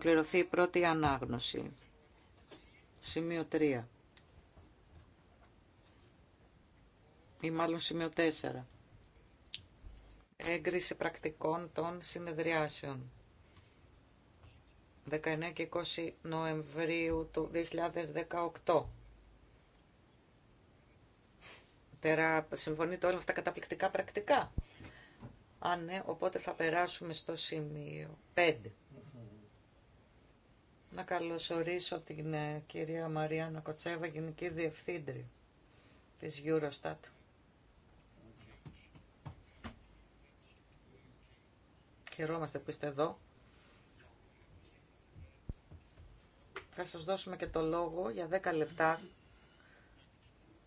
Κληρωθεί η πρώτη ανάγνωση. Σημείο 3. Ή μάλλον σημείο 4. Έγκριση πρακτικών των συνεδριάσεων. 19 και 20 Νοεμβρίου του 2018. συμφωνείτε όλα αυτά καταπληκτικά πρακτικά. Αν ναι, οπότε θα περάσουμε στο σημείο 5. Να καλωσορίσω την ε, κυρία Μαρία Κοτσέβα, Γενική Διευθύντρια της Eurostat. Χαιρόμαστε που είστε εδώ. Θα σας δώσουμε και το λόγο για 10 λεπτά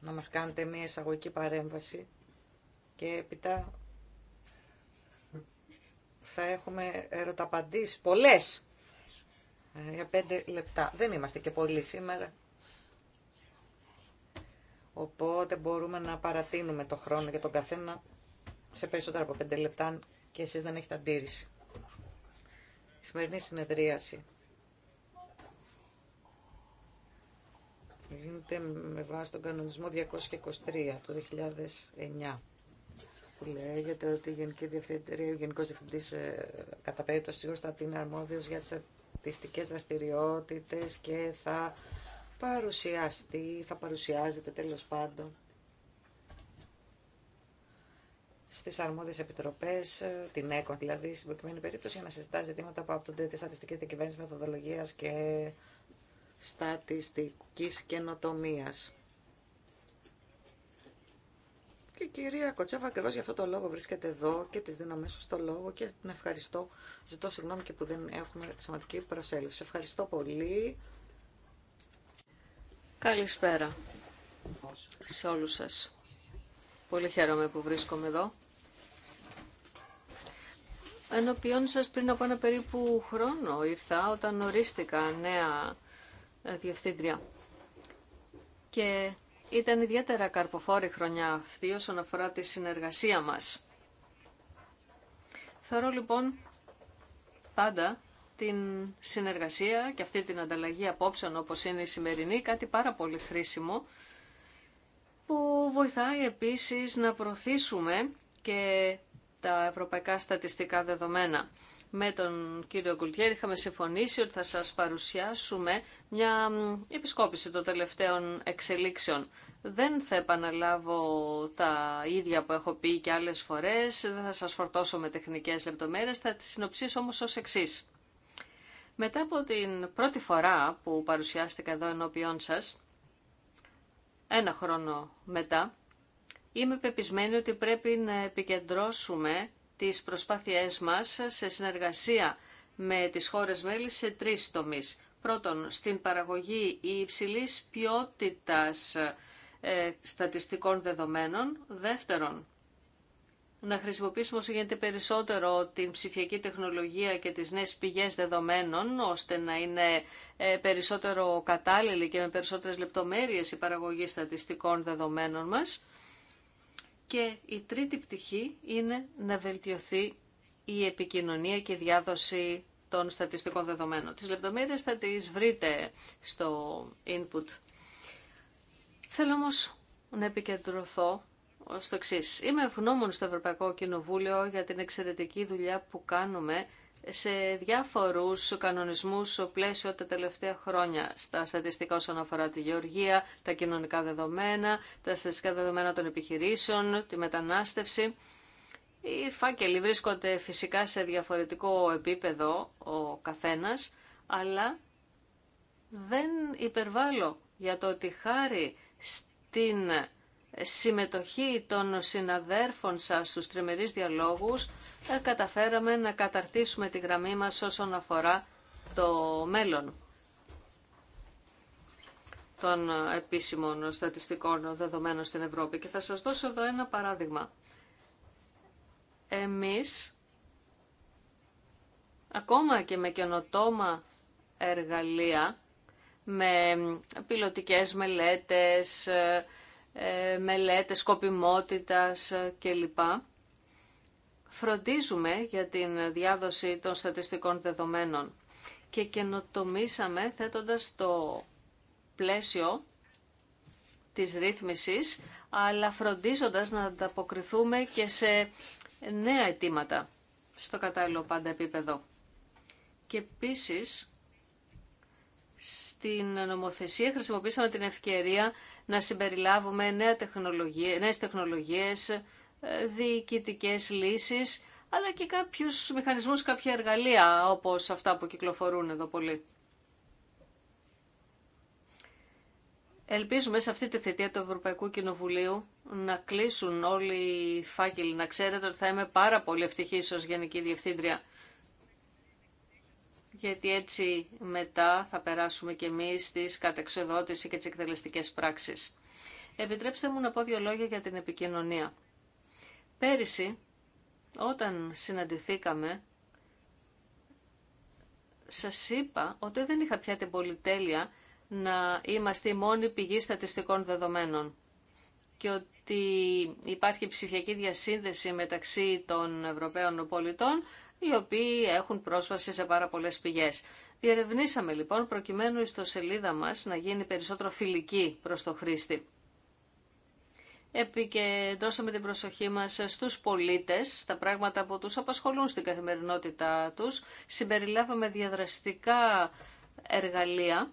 να μας κάνετε μία εισαγωγική παρέμβαση και έπειτα θα έχουμε ερωταπαντήσεις, πολλές ε, για πέντε λεπτά. Δεν είμαστε και πολύ σήμερα. Οπότε μπορούμε να παρατείνουμε το χρόνο για τον καθένα σε περισσότερα από πέντε λεπτά και εσείς δεν έχετε αντίρρηση. Η σημερινή συνεδρίαση γίνεται με βάση τον κανονισμό 223 του 2009 που λέγεται ότι η Γενική Διευθυντήρια, ο Γενικός Διευθυντής ε, κατά περίπτωση θα είναι αρμόδιος για τις αρτιστικές δραστηριότητες και θα παρουσιαστεί, θα παρουσιάζεται τέλος πάντων στις αρμόδιες επιτροπές, την ΕΚΟ δηλαδή, στην προκειμένη περίπτωση, για να συζητά ζητήματα που απτούνται τη στατιστική διακυβέρνηση μεθοδολογίας και στατιστικής καινοτομίας. Και η κυρία Κοτσέβα ακριβώ για αυτό το λόγο βρίσκεται εδώ και τη δίνω αμέσω το λόγο και την ευχαριστώ. Ζητώ συγγνώμη και που δεν έχουμε σημαντική προσέλευση. Ευχαριστώ πολύ. Καλησπέρα σε όλου σα. Πολύ χαίρομαι που βρίσκομαι εδώ. Ενώπιόν σας πριν από ένα περίπου χρόνο ήρθα όταν ορίστηκα νέα διευθύντρια. Και ήταν ιδιαίτερα καρποφόρη χρονιά αυτή όσον αφορά τη συνεργασία μας. Θεωρώ λοιπόν πάντα την συνεργασία και αυτή την ανταλλαγή απόψεων όπως είναι η σημερινή κάτι πάρα πολύ χρήσιμο που βοηθάει επίσης να προωθήσουμε και τα ευρωπαϊκά στατιστικά δεδομένα με τον κύριο Γκουλτιέρ είχαμε συμφωνήσει ότι θα σας παρουσιάσουμε μια επισκόπηση των τελευταίων εξελίξεων. Δεν θα επαναλάβω τα ίδια που έχω πει και άλλες φορές, δεν θα σας φορτώσω με τεχνικές λεπτομέρειες, θα τις συνοψίσω όμως ως εξής. Μετά από την πρώτη φορά που παρουσιάστηκα εδώ ενώπιόν σας, ένα χρόνο μετά, είμαι πεπισμένη ότι πρέπει να επικεντρώσουμε τις προσπάθειές μας σε συνεργασία με τις χώρες μέλη σε τρεις τομείς. Πρώτον, στην παραγωγή υψηλής ποιότητας ε, στατιστικών δεδομένων. Δεύτερον, να χρησιμοποιήσουμε όσο γίνεται περισσότερο την ψηφιακή τεχνολογία και τις νέες πηγές δεδομένων, ώστε να είναι ε, περισσότερο κατάλληλη και με περισσότερες λεπτομέρειες η παραγωγή στατιστικών δεδομένων μας. Και η τρίτη πτυχή είναι να βελτιωθεί η επικοινωνία και η διάδοση των στατιστικών δεδομένων. Τις λεπτομέρειες θα τις βρείτε στο input. Θέλω όμως να επικεντρωθώ στο εξή. Είμαι ευγνώμων στο Ευρωπαϊκό Κοινοβούλιο για την εξαιρετική δουλειά που κάνουμε σε διάφορους κανονισμούς στο πλαίσιο τα τελευταία χρόνια στα στατιστικά όσον αφορά τη γεωργία, τα κοινωνικά δεδομένα, τα στατιστικά δεδομένα των επιχειρήσεων, τη μετανάστευση. Οι φάκελοι βρίσκονται φυσικά σε διαφορετικό επίπεδο ο καθένας, αλλά δεν υπερβάλλω για το ότι χάρη στην συμμετοχή των συναδέρφων σας στους τριμερείς διαλόγους ε, καταφέραμε να καταρτήσουμε τη γραμμή μας όσον αφορά το μέλλον των επίσημων στατιστικών δεδομένων στην Ευρώπη. Και θα σας δώσω εδώ ένα παράδειγμα. Εμείς, ακόμα και με καινοτόμα εργαλεία, με πιλωτικές μελέτες, ε, ε, μελέτες σκοπιμότητας ε, κλπ. Φροντίζουμε για την διάδοση των στατιστικών δεδομένων και καινοτομήσαμε θέτοντας το πλαίσιο της ρύθμισης, αλλά φροντίζοντας να ανταποκριθούμε και σε νέα αιτήματα στο κατάλληλο πάντα επίπεδο. Και επίσης στην νομοθεσία χρησιμοποίησαμε την ευκαιρία να συμπεριλάβουμε νέα τεχνολογία, νέες τεχνολογίες, ε, διοικητικές λύσεις, αλλά και κάποιους μηχανισμούς, κάποια εργαλεία, όπως αυτά που κυκλοφορούν εδώ πολύ. Ελπίζουμε σε αυτή τη θητεία του Ευρωπαϊκού Κοινοβουλίου να κλείσουν όλοι οι φάκελοι. Να ξέρετε ότι θα είμαι πάρα πολύ ευτυχής ως Γενική Διευθύντρια γιατί έτσι μετά θα περάσουμε και εμείς τη κατεξοδότηση και τις εκτελεστικές πράξεις. Επιτρέψτε μου να πω δύο λόγια για την επικοινωνία. Πέρυσι, όταν συναντηθήκαμε, σας είπα ότι δεν είχα πια την πολυτέλεια να είμαστε η μόνη πηγή στατιστικών δεδομένων και ότι υπάρχει ψηφιακή διασύνδεση μεταξύ των Ευρωπαίων πολιτών οι οποίοι έχουν πρόσβαση σε πάρα πολλές πηγές. Διερευνήσαμε λοιπόν προκειμένου η ιστοσελίδα μας να γίνει περισσότερο φιλική προς το χρήστη. Επικεντρώσαμε την προσοχή μας στους πολίτες, στα πράγματα που τους απασχολούν στην καθημερινότητά τους. Συμπεριλάβαμε διαδραστικά εργαλεία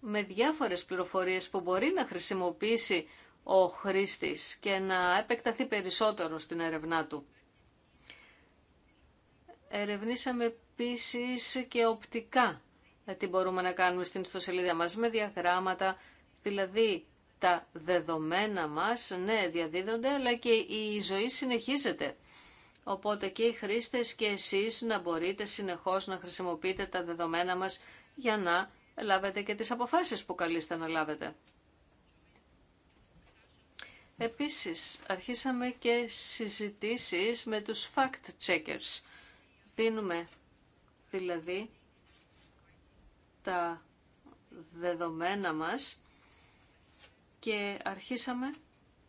με διάφορες πληροφορίες που μπορεί να χρησιμοποιήσει ο χρήστης και να επεκταθεί περισσότερο στην έρευνά του. Ερευνήσαμε επίση και οπτικά τι μπορούμε να κάνουμε στην ιστοσελίδα μας με διαγράμματα, δηλαδή τα δεδομένα μας, ναι, διαδίδονται, αλλά και η ζωή συνεχίζεται. Οπότε και οι χρήστες και εσείς να μπορείτε συνεχώς να χρησιμοποιείτε τα δεδομένα μας για να λάβετε και τις αποφάσεις που καλείστε να λάβετε. Επίσης, αρχίσαμε και συζητήσεις με τους fact-checkers Δίνουμε δηλαδή τα δεδομένα μας και αρχίσαμε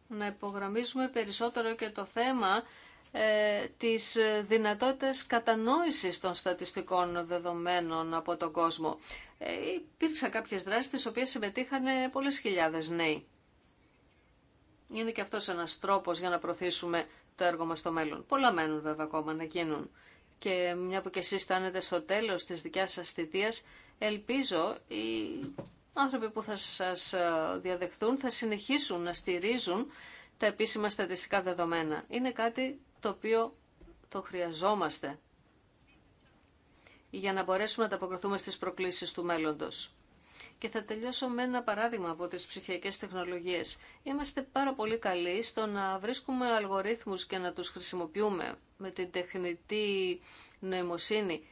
να υπογραμμίσουμε περισσότερο και το θέμα ε, της δυνατότητας κατανόησης των στατιστικών δεδομένων από τον κόσμο. Ε, υπήρξαν κάποιες δράσεις τις οποίες συμμετείχαν πολλές χιλιάδες νέοι. Είναι και αυτός ένας τρόπος για να προωθήσουμε το έργο μας στο μέλλον. Πολλά μένουν βέβαια ακόμα να γίνουν και μια που και εσείς φτάνετε στο τέλος της δικιάς σας θητείας, ελπίζω οι άνθρωποι που θα σας ε, διαδεχθούν θα συνεχίσουν να στηρίζουν τα επίσημα στατιστικά δεδομένα. Είναι κάτι το οποίο το χρειαζόμαστε για να μπορέσουμε να ανταποκριθούμε στις προκλήσεις του μέλλοντος. Και θα τελειώσω με ένα παράδειγμα από τις ψηφιακές τεχνολογίες. Είμαστε πάρα πολύ καλοί στο να βρίσκουμε αλγορίθμους και να τους χρησιμοποιούμε με την τεχνητή νοημοσύνη.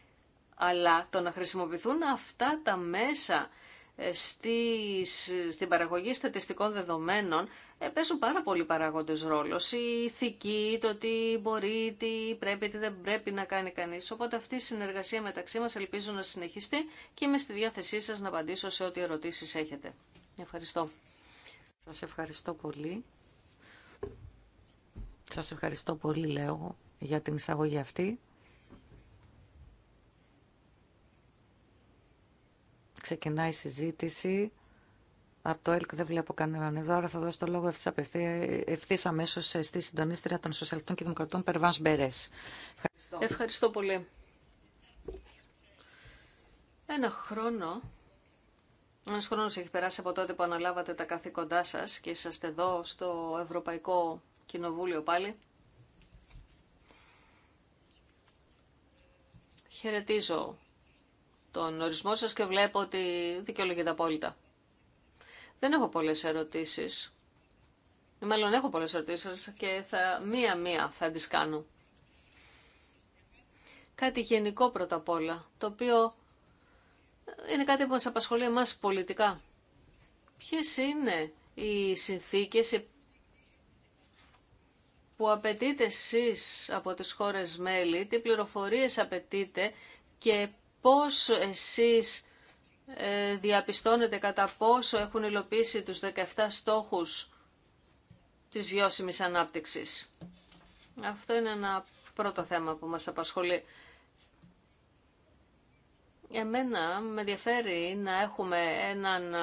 Αλλά το να χρησιμοποιηθούν αυτά τα μέσα ε, στις, στην παραγωγή στατιστικών δεδομένων ε, παίζουν πάρα πολλοί παράγοντε ρόλο. Η ηθική, το τι μπορεί, τι πρέπει, τι δεν πρέπει να κάνει κανείς. Οπότε αυτή η συνεργασία μεταξύ μας ελπίζω να συνεχιστεί και είμαι στη διάθεσή σας να απαντήσω σε ό,τι ερωτήσεις έχετε. Ευχαριστώ. Σας ευχαριστώ πολύ. Σας ευχαριστώ πολύ, λέω, για την εισαγωγή αυτή. Ξεκινάει η συζήτηση. Από το ΕΛΚ δεν βλέπω κανέναν εδώ, άρα θα δώσω το λόγο ευθύ αμέσω στη συντονίστρια των Σοσιαλιστών και Δημοκρατών, Περβάν Μπερέ. Ευχαριστώ. πολύ. Ένα χρόνο. Ένα χρόνο έχει περάσει από τότε που αναλάβατε τα καθήκοντά σα και είσαστε εδώ στο Ευρωπαϊκό Κοινοβούλιο πάλι. Χαιρετίζω τον ορισμό σας και βλέπω ότι δικαιολογείται απόλυτα. Δεν έχω πολλές ερωτήσεις. Μάλλον έχω πολλές ερωτήσεις και θα μία-μία θα τις κάνω. Κάτι γενικό πρώτα απ' όλα, το οποίο είναι κάτι που μας απασχολεί εμάς πολιτικά. Ποιες είναι οι συνθήκες που απαιτείτε εσείς από τις χώρες μέλη, τι πληροφορίες απαιτείτε και πώς εσείς ε, διαπιστώνεται κατά πόσο έχουν υλοποιήσει τους 17 στόχους της βιώσιμης ανάπτυξης. Αυτό είναι ένα πρώτο θέμα που μας απασχολεί. Εμένα με ενδιαφέρει να έχουμε έναν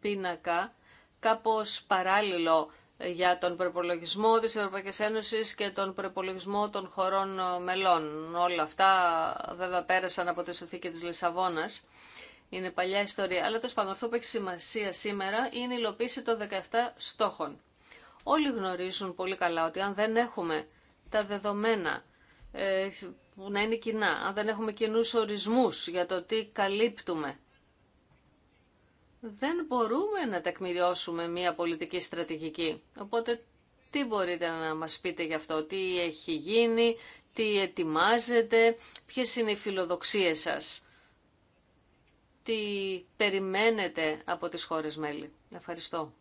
πίνακα κάπως παράλληλο για τον προπολογισμό της Ευρωπαϊκής Ένωσης και τον προπολογισμό των χωρών ε, μελών. Όλα αυτά βέβαια πέρασαν από τη Συνθήκη της Λισαβόνας είναι παλιά ιστορία. Αλλά το αυτό που έχει σημασία σήμερα είναι η υλοποίηση των 17 στόχων. Όλοι γνωρίζουν πολύ καλά ότι αν δεν έχουμε τα δεδομένα ε, που να είναι κοινά, αν δεν έχουμε κοινού ορισμούς για το τι καλύπτουμε, δεν μπορούμε να τεκμηριώσουμε μια πολιτική στρατηγική. Οπότε τι μπορείτε να μας πείτε γι' αυτό, τι έχει γίνει, τι ετοιμάζετε, ποιες είναι οι φιλοδοξίες σας τι περιμένετε από τις χώρες μέλη. Ευχαριστώ.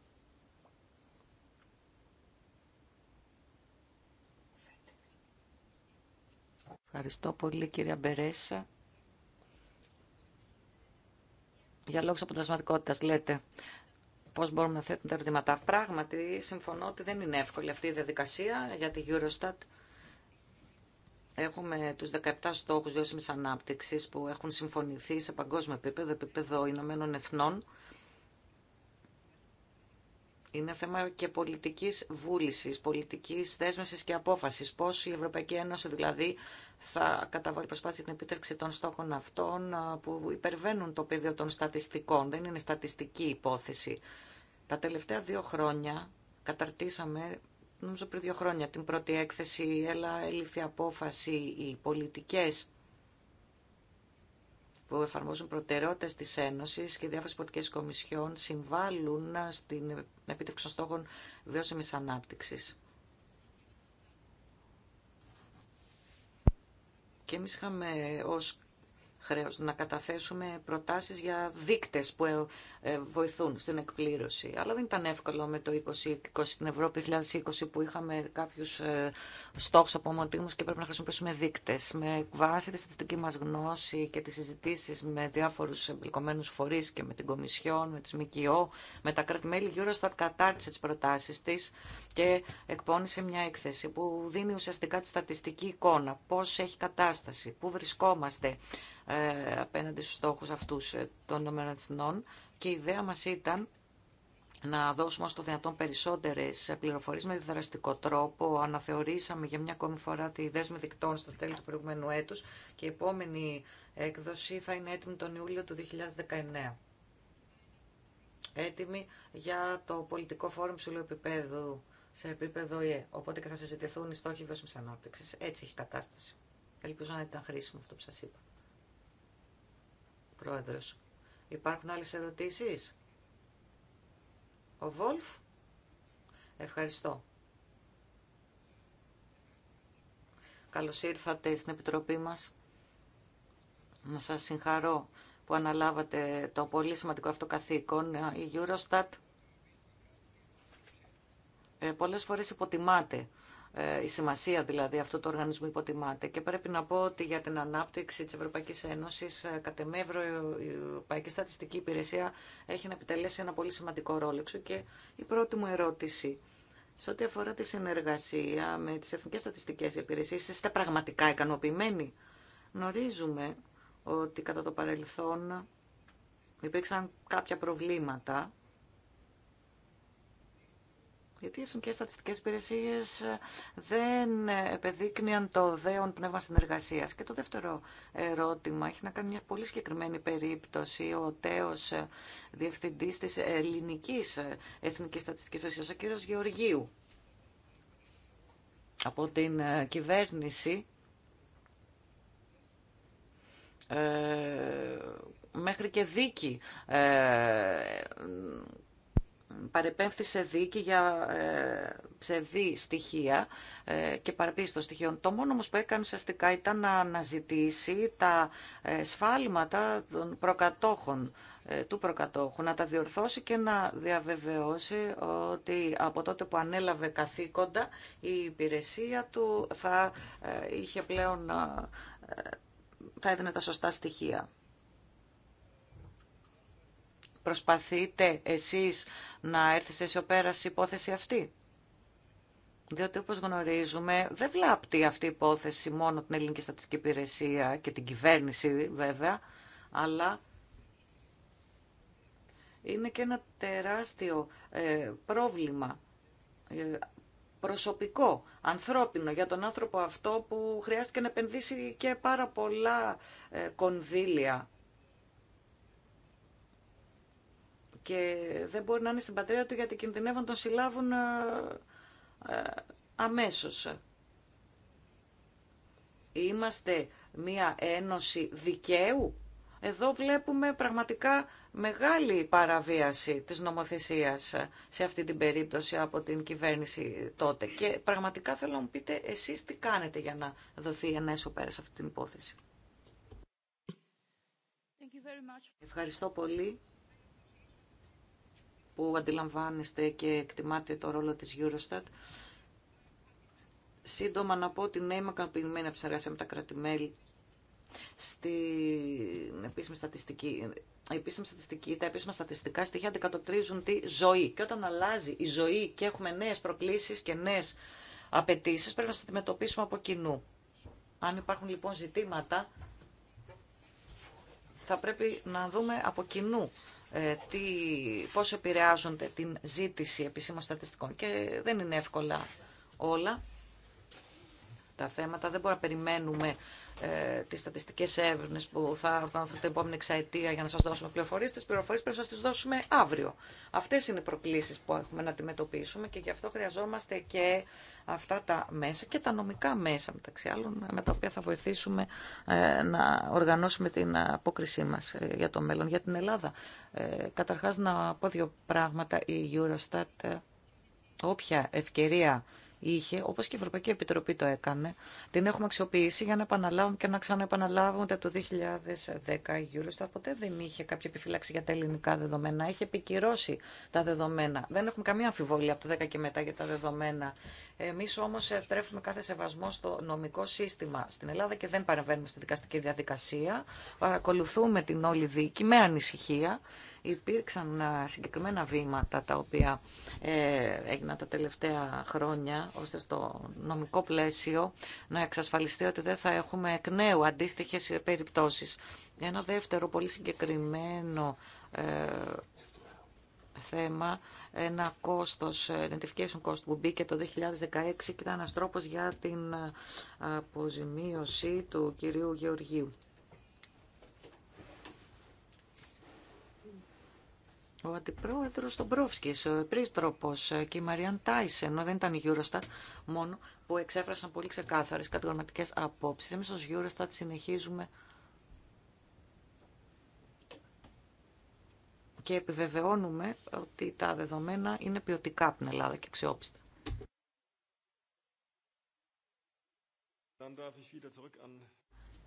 Ευχαριστώ πολύ κυρία Μπερέσα. Για λόγους αποτελεσματικότητας λέτε πώς μπορούμε να θέτουμε τα ερωτήματα. Πράγματι, συμφωνώ ότι δεν είναι εύκολη αυτή η διαδικασία για τη Eurostat. Έχουμε τους 17 στόχους βιώσιμης ανάπτυξης που έχουν συμφωνηθεί σε παγκόσμιο επίπεδο, επίπεδο Ηνωμένων Εθνών. Είναι θέμα και πολιτικής βούλησης, πολιτικής δέσμευσης και απόφασης. Πώς η Ευρωπαϊκή Ένωση δηλαδή θα καταβάλει προσπάθεια την επίτευξη των στόχων αυτών που υπερβαίνουν το πεδίο των στατιστικών. Δεν είναι στατιστική υπόθεση. Τα τελευταία δύο χρόνια καταρτήσαμε νομίζω πριν δύο χρόνια την πρώτη έκθεση, έλα έληφθη απόφαση οι πολιτικές που εφαρμόζουν προτεραιότητες της Ένωσης και διάφορες πολιτικές κομισιών συμβάλλουν στην επίτευξη των στόχων βιώσιμης ανάπτυξης. Και εμείς είχαμε ως να καταθέσουμε προτάσεις για δείκτες που ε, ε, βοηθούν στην εκπλήρωση. Αλλά δεν ήταν εύκολο με το 2020, την Ευρώπη 2020 που είχαμε κάποιους ε, στόχους απομοντήμους και πρέπει να χρησιμοποιήσουμε δείκτες. Με βάση τη στατιστική μας γνώση και τις συζητήσεις με διάφορους εμπλικομένους φορείς και με την Κομισιόν, με τις ΜΚΟ, με τα κράτη-μέλη, η Eurostat κατάρτισε τις προτάσεις της και εκπώνησε μια έκθεση που δίνει ουσιαστικά τη στατιστική εικόνα, πώς έχει κατάσταση, πού βρισκόμαστε, ε, απέναντι στους στόχους αυτούς ε, των Εθνών και η ιδέα μας ήταν να δώσουμε στο δυνατόν περισσότερες πληροφορίες με διδραστικό τρόπο. Αναθεωρήσαμε για μια ακόμη φορά τη δέσμη δικτών στα τέλη του προηγούμενου έτους και η επόμενη έκδοση θα είναι έτοιμη τον Ιούλιο του 2019. Έτοιμη για το πολιτικό φόρουμ ψηλού επίπεδου σε επίπεδο ΙΕ. Οπότε και θα συζητηθούν οι στόχοι βιώσιμης ανάπτυξη. Έτσι έχει κατάσταση. Ελπίζω να ήταν χρήσιμο αυτό που σα είπα. Πρόεδρος. Υπάρχουν άλλες ερωτήσεις. Ο Βόλφ. Ευχαριστώ. Καλώς ήρθατε στην Επιτροπή μας. Να σας συγχαρώ που αναλάβατε το πολύ σημαντικό αυτό καθήκον. Η Eurostat ε, πολλές φορές υποτιμάται ε, η σημασία δηλαδή αυτού του οργανισμού υποτιμάται. Και πρέπει να πω ότι για την ανάπτυξη της Ευρωπαϊκής Ένωσης, ε, κατ' εμεύρο η Ευρωπαϊκή Στατιστική Υπηρεσία έχει να επιτελέσει ένα πολύ σημαντικό ρόλο. και η πρώτη μου ερώτηση. Σε ό,τι αφορά τη συνεργασία με τις Εθνικές Στατιστικές Υπηρεσίες, είστε πραγματικά ικανοποιημένοι. Γνωρίζουμε ότι κατά το παρελθόν υπήρξαν κάποια προβλήματα γιατί οι εθνικέ στατιστικέ υπηρεσίε ε, δεν επεδείκνυαν το δέον πνεύμα συνεργασία. Και το δεύτερο ερώτημα έχει να κάνει μια πολύ συγκεκριμένη περίπτωση. Ο τέο ε, διευθυντής της ελληνικής ε, εθνικής στατιστικής υπηρεσίας, ο κύριο Γεωργίου, από την κυβέρνηση μέχρι και δίκη παρεπέμφθη δίκη για ψευδή στοιχεία ε, και παραποίηση στοιχείων. Το μόνο όμως που έκανε ουσιαστικά ήταν να αναζητήσει τα ε, σφάλματα των προκατόχων ε, του προκατόχου, να τα διορθώσει και να διαβεβαιώσει ότι από τότε που ανέλαβε καθήκοντα η υπηρεσία του θα είχε πλέον θα έδινε τα σωστά στοιχεία. Προσπαθείτε εσείς να έρθει σε αισιοπέραση η υπόθεση αυτή. Διότι όπως γνωρίζουμε δεν βλάπτει αυτή η υπόθεση μόνο την Ελληνική Στατιστική Υπηρεσία και την κυβέρνηση βέβαια, αλλά είναι και ένα τεράστιο ε, πρόβλημα ε, προσωπικό, ανθρώπινο, για τον άνθρωπο αυτό που χρειάστηκε να επενδύσει και πάρα πολλά ε, κονδύλια και δεν μπορεί να είναι στην πατρίδα του γιατί κινδυνεύουν να τον συλλάβουν ε, ε, αμέσως. Είμαστε μία ένωση δικαίου. Εδώ βλέπουμε πραγματικά μεγάλη παραβίαση της νομοθεσίας σε αυτή την περίπτωση από την κυβέρνηση τότε. Και πραγματικά θέλω να μου πείτε εσείς τι κάνετε για να δοθεί ένα έσω πέρα σε αυτή την υπόθεση. Ευχαριστώ πολύ που αντιλαμβάνεστε και εκτιμάτε το ρόλο της Eurostat. Σύντομα να πω ότι ναι, είμαι ικανοποιημένη από τη συνεργασία με τα κρατημέλη στην επίσημη στατιστική. Η επίσημη στατιστική, τα επίσημα στατιστικά στοιχεία αντικατοπτρίζουν τη ζωή. Και όταν αλλάζει η ζωή και έχουμε νέες προκλήσεις και νέες απαιτήσει, πρέπει να τις αντιμετωπίσουμε από κοινού. Αν υπάρχουν λοιπόν ζητήματα, θα πρέπει να δούμε από κοινού ε, τι, πώς επηρεάζονται την ζήτηση επίσημων στατιστικών. Και δεν είναι εύκολα όλα τα θέματα. Δεν μπορούμε να περιμένουμε ε, τι στατιστικέ έρευνε που θα οργανωθούν την επόμενη εξαετία για να σα δώσουμε πληροφορίε. Τι πληροφορίε πρέπει να σα τι δώσουμε αύριο. Αυτέ είναι οι προκλήσει που έχουμε να αντιμετωπίσουμε και γι' αυτό χρειαζόμαστε και αυτά τα μέσα και τα νομικά μέσα μεταξύ άλλων με τα οποία θα βοηθήσουμε ε, να οργανώσουμε την απόκρισή μα ε, για το μέλλον. Για την Ελλάδα, ε, καταρχά να πω δύο πράγματα. Η Eurostat, ε, όποια ευκαιρία είχε, όπως και η Ευρωπαϊκή Επιτροπή το έκανε, την έχουμε αξιοποιήσει για να επαναλάβουμε και να ξαναεπαναλάβουμε ότι από το 2010 η Eurostat ποτέ δεν είχε κάποια επιφύλαξη για τα ελληνικά δεδομένα. Έχει επικυρώσει τα δεδομένα. Δεν έχουμε καμία αμφιβολία από το 10 και μετά για τα δεδομένα. Εμεί όμω ε, τρέφουμε κάθε σεβασμό στο νομικό σύστημα στην Ελλάδα και δεν παρεμβαίνουμε στη δικαστική διαδικασία. Παρακολουθούμε την όλη δίκη με ανησυχία Υπήρξαν ε, συγκεκριμένα βήματα τα οποία ε, έγιναν τα τελευταία χρόνια ώστε στο νομικό πλαίσιο να εξασφαλιστεί ότι δεν θα έχουμε εκ νέου αντίστοιχες περιπτώσεις. Ένα δεύτερο πολύ συγκεκριμένο ε, θέμα, ένα κόστος, identification cost που μπήκε το 2016 και ήταν ένας τρόπος για την αποζημίωση του κυρίου Γεωργίου. Ο αντιπρόεδρο των ο Πρίστροπο ε, και η Μαριάν Τάισεν, ενώ δεν ήταν η Eurostat μόνο, που εξέφρασαν πολύ ξεκάθαρε κατηγορηματικέ απόψει. Εμεί ω Eurostat συνεχίζουμε και επιβεβαιώνουμε ότι τα δεδομένα είναι ποιοτικά από την Ελλάδα και αξιόπιστα.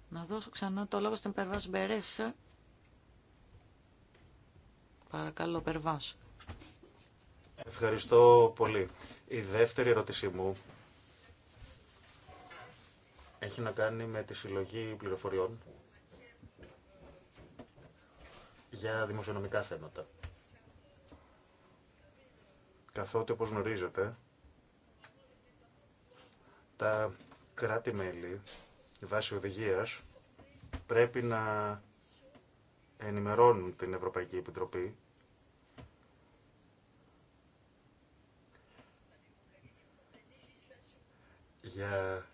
Να δώσω ξανά το λόγο στην Περβάς Μπερέσσα, Παρακαλώ, Περβάς. Ευχαριστώ πολύ. Η δεύτερη ερώτησή μου έχει να κάνει με τη συλλογή πληροφοριών για δημοσιονομικά θέματα. Καθότι, όπως γνωρίζετε, τα κράτη-μέλη, βάση οδηγίας, πρέπει να ενημερώνουν την Ευρωπαϊκή Επιτροπή για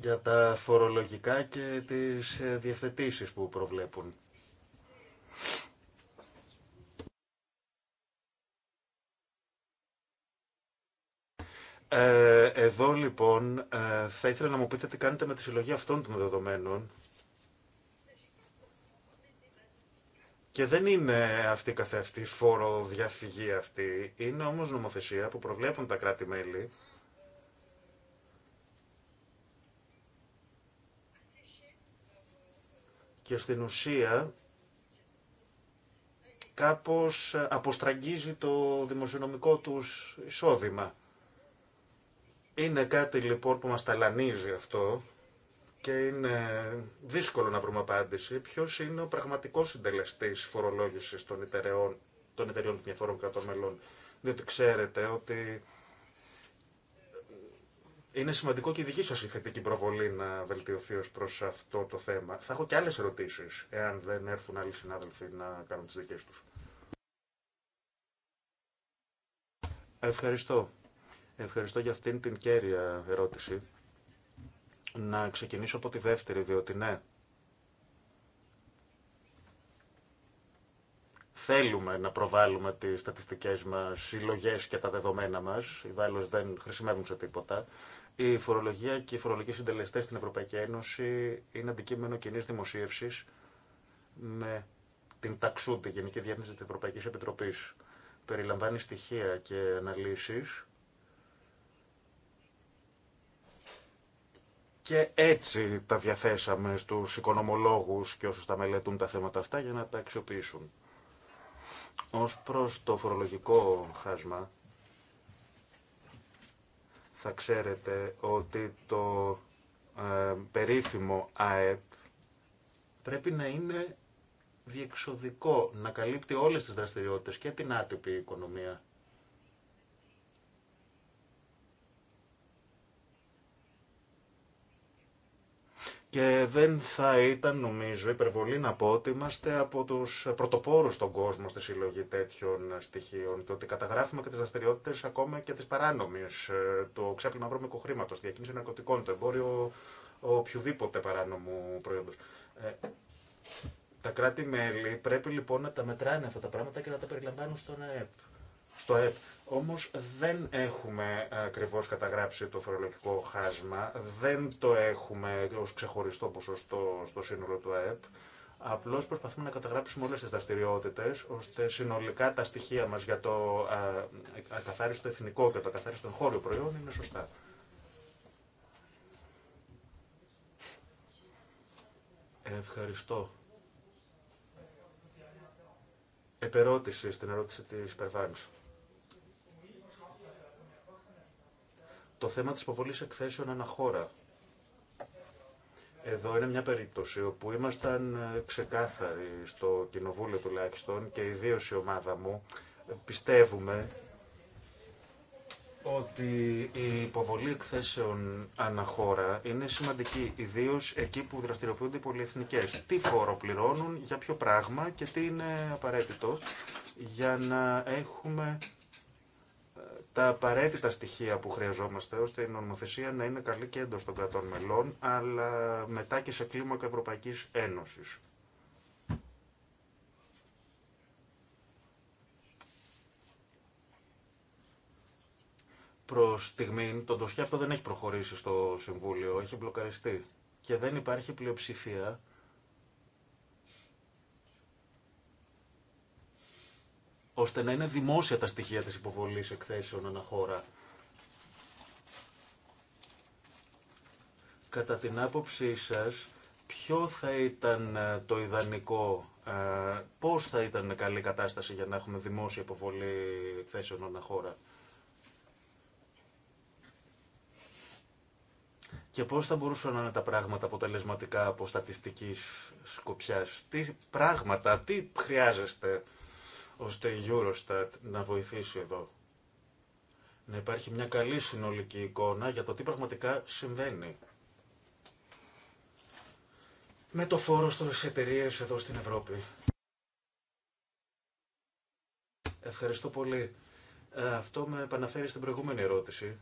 για τα φορολογικά και τις ε, διευθετήσεις που προβλέπουν. Ε, εδώ λοιπόν ε, θα ήθελα να μου πείτε τι κάνετε με τη συλλογή αυτών των δεδομένων Και δεν είναι αυτή καθεαυτή φόρο διαφυγή αυτή. Είναι όμως νομοθεσία που προβλέπουν τα κράτη-μέλη και στην ουσία κάπως αποστραγγίζει το δημοσιονομικό τους εισόδημα. Είναι κάτι λοιπόν που μας ταλανίζει αυτό και είναι δύσκολο να βρούμε απάντηση ποιο είναι ο πραγματικό συντελεστή φορολόγηση των εταιρεών των εταιρεών διαφόρων κρατών μελών. Διότι ξέρετε ότι είναι σημαντικό και η δική σα η θετική προβολή να βελτιωθεί ω προς αυτό το θέμα. Θα έχω και άλλε ερωτήσει εάν δεν έρθουν άλλοι συνάδελφοι να κάνουν τι δικέ του. Ευχαριστώ. Ευχαριστώ για αυτήν την κέρια ερώτηση. Να ξεκινήσω από τη δεύτερη, διότι ναι, θέλουμε να προβάλλουμε τις στατιστικές μας συλλογέ και τα δεδομένα μας, ιδάλλως δεν χρησιμεύουν σε τίποτα. Η φορολογία και οι φορολογικοί συντελεστέ στην Ευρωπαϊκή Ένωση είναι αντικείμενο κοινή δημοσίευση με την ταξούτη, τη Γενική Διεύθυνση τη Ευρωπαϊκή Επιτροπή. Περιλαμβάνει στοιχεία και αναλύσει Και έτσι τα διαθέσαμε στους οικονομολόγους και όσους τα μελετούν τα θέματα αυτά για να τα αξιοποιήσουν. Ως προς το φορολογικό χάσμα, θα ξέρετε ότι το ε, περίφημο ΑΕΠ πρέπει να είναι διεξοδικό, να καλύπτει όλες τις δραστηριότητες και την άτυπη οικονομία Και δεν θα ήταν, νομίζω, υπερβολή να πω ότι είμαστε από τους πρωτοπόρους στον κόσμο στη συλλογή τέτοιων στοιχείων και ότι καταγράφουμε και τις δραστηριότητε ακόμα και τις παράνομες ε, το ξέπλυμα βρώμικου χρήματο, διακίνηση ναρκωτικών, το εμπόριο οποιοδήποτε παράνομου προϊόντο. Ε, τα κράτη-μέλη πρέπει λοιπόν να τα μετράνε αυτά τα πράγματα και να τα περιλαμβάνουν στον ΑΕΠ στο ΕΠ. Όμως δεν έχουμε ακριβώς καταγράψει το φορολογικό χάσμα, δεν το έχουμε ως ξεχωριστό ποσοστό στο σύνολο του ΑΕΠ. Απλώς προσπαθούμε να καταγράψουμε όλες τις δραστηριότητε, ώστε συνολικά τα στοιχεία μας για το ακαθάριστο εθνικό και το ακαθάριστο εγχώριο προϊόν είναι σωστά. Ευχαριστώ. Επερώτηση στην ερώτηση της υπερβάνησης. Το θέμα της υποβολής εκθέσεων αναχώρα. Εδώ είναι μια περίπτωση όπου ήμασταν ε, ξεκάθαροι στο κοινοβούλιο τουλάχιστον και ιδίω η ομάδα μου πιστεύουμε ότι η υποβολή εκθέσεων αναχώρα είναι σημαντική, ιδίω εκεί που δραστηριοποιούνται οι πολυεθνικέ. Τι φόρο πληρώνουν, για ποιο πράγμα και τι είναι απαραίτητο για να έχουμε τα απαραίτητα στοιχεία που χρειαζόμαστε ώστε η νομοθεσία να είναι καλή και εντός των κρατών μελών, αλλά μετά και σε κλίμακα Ευρωπαϊκής Ένωσης. Προ στιγμή το ντοσχέ αυτό δεν έχει προχωρήσει στο Συμβούλιο, έχει μπλοκαριστεί και δεν υπάρχει πλειοψηφία ώστε να είναι δημόσια τα στοιχεία της υποβολής εκθέσεων αναχώρα. Κατά την άποψή σας, ποιο θα ήταν ε, το ιδανικό, ε, πώς θα ήταν καλή κατάσταση για να έχουμε δημόσια υποβολή εκθέσεων αναχώρα. και πώς θα μπορούσαν να είναι τα πράγματα αποτελεσματικά από στατιστικής σκοπιάς. Τι πράγματα, τι χρειάζεστε ώστε η Eurostat να βοηθήσει εδώ. Να υπάρχει μια καλή συνολική εικόνα για το τι πραγματικά συμβαίνει. Με το φόρο στις εταιρείε εδώ στην Ευρώπη. Ευχαριστώ πολύ. Ε, αυτό με επαναφέρει στην προηγούμενη ερώτηση.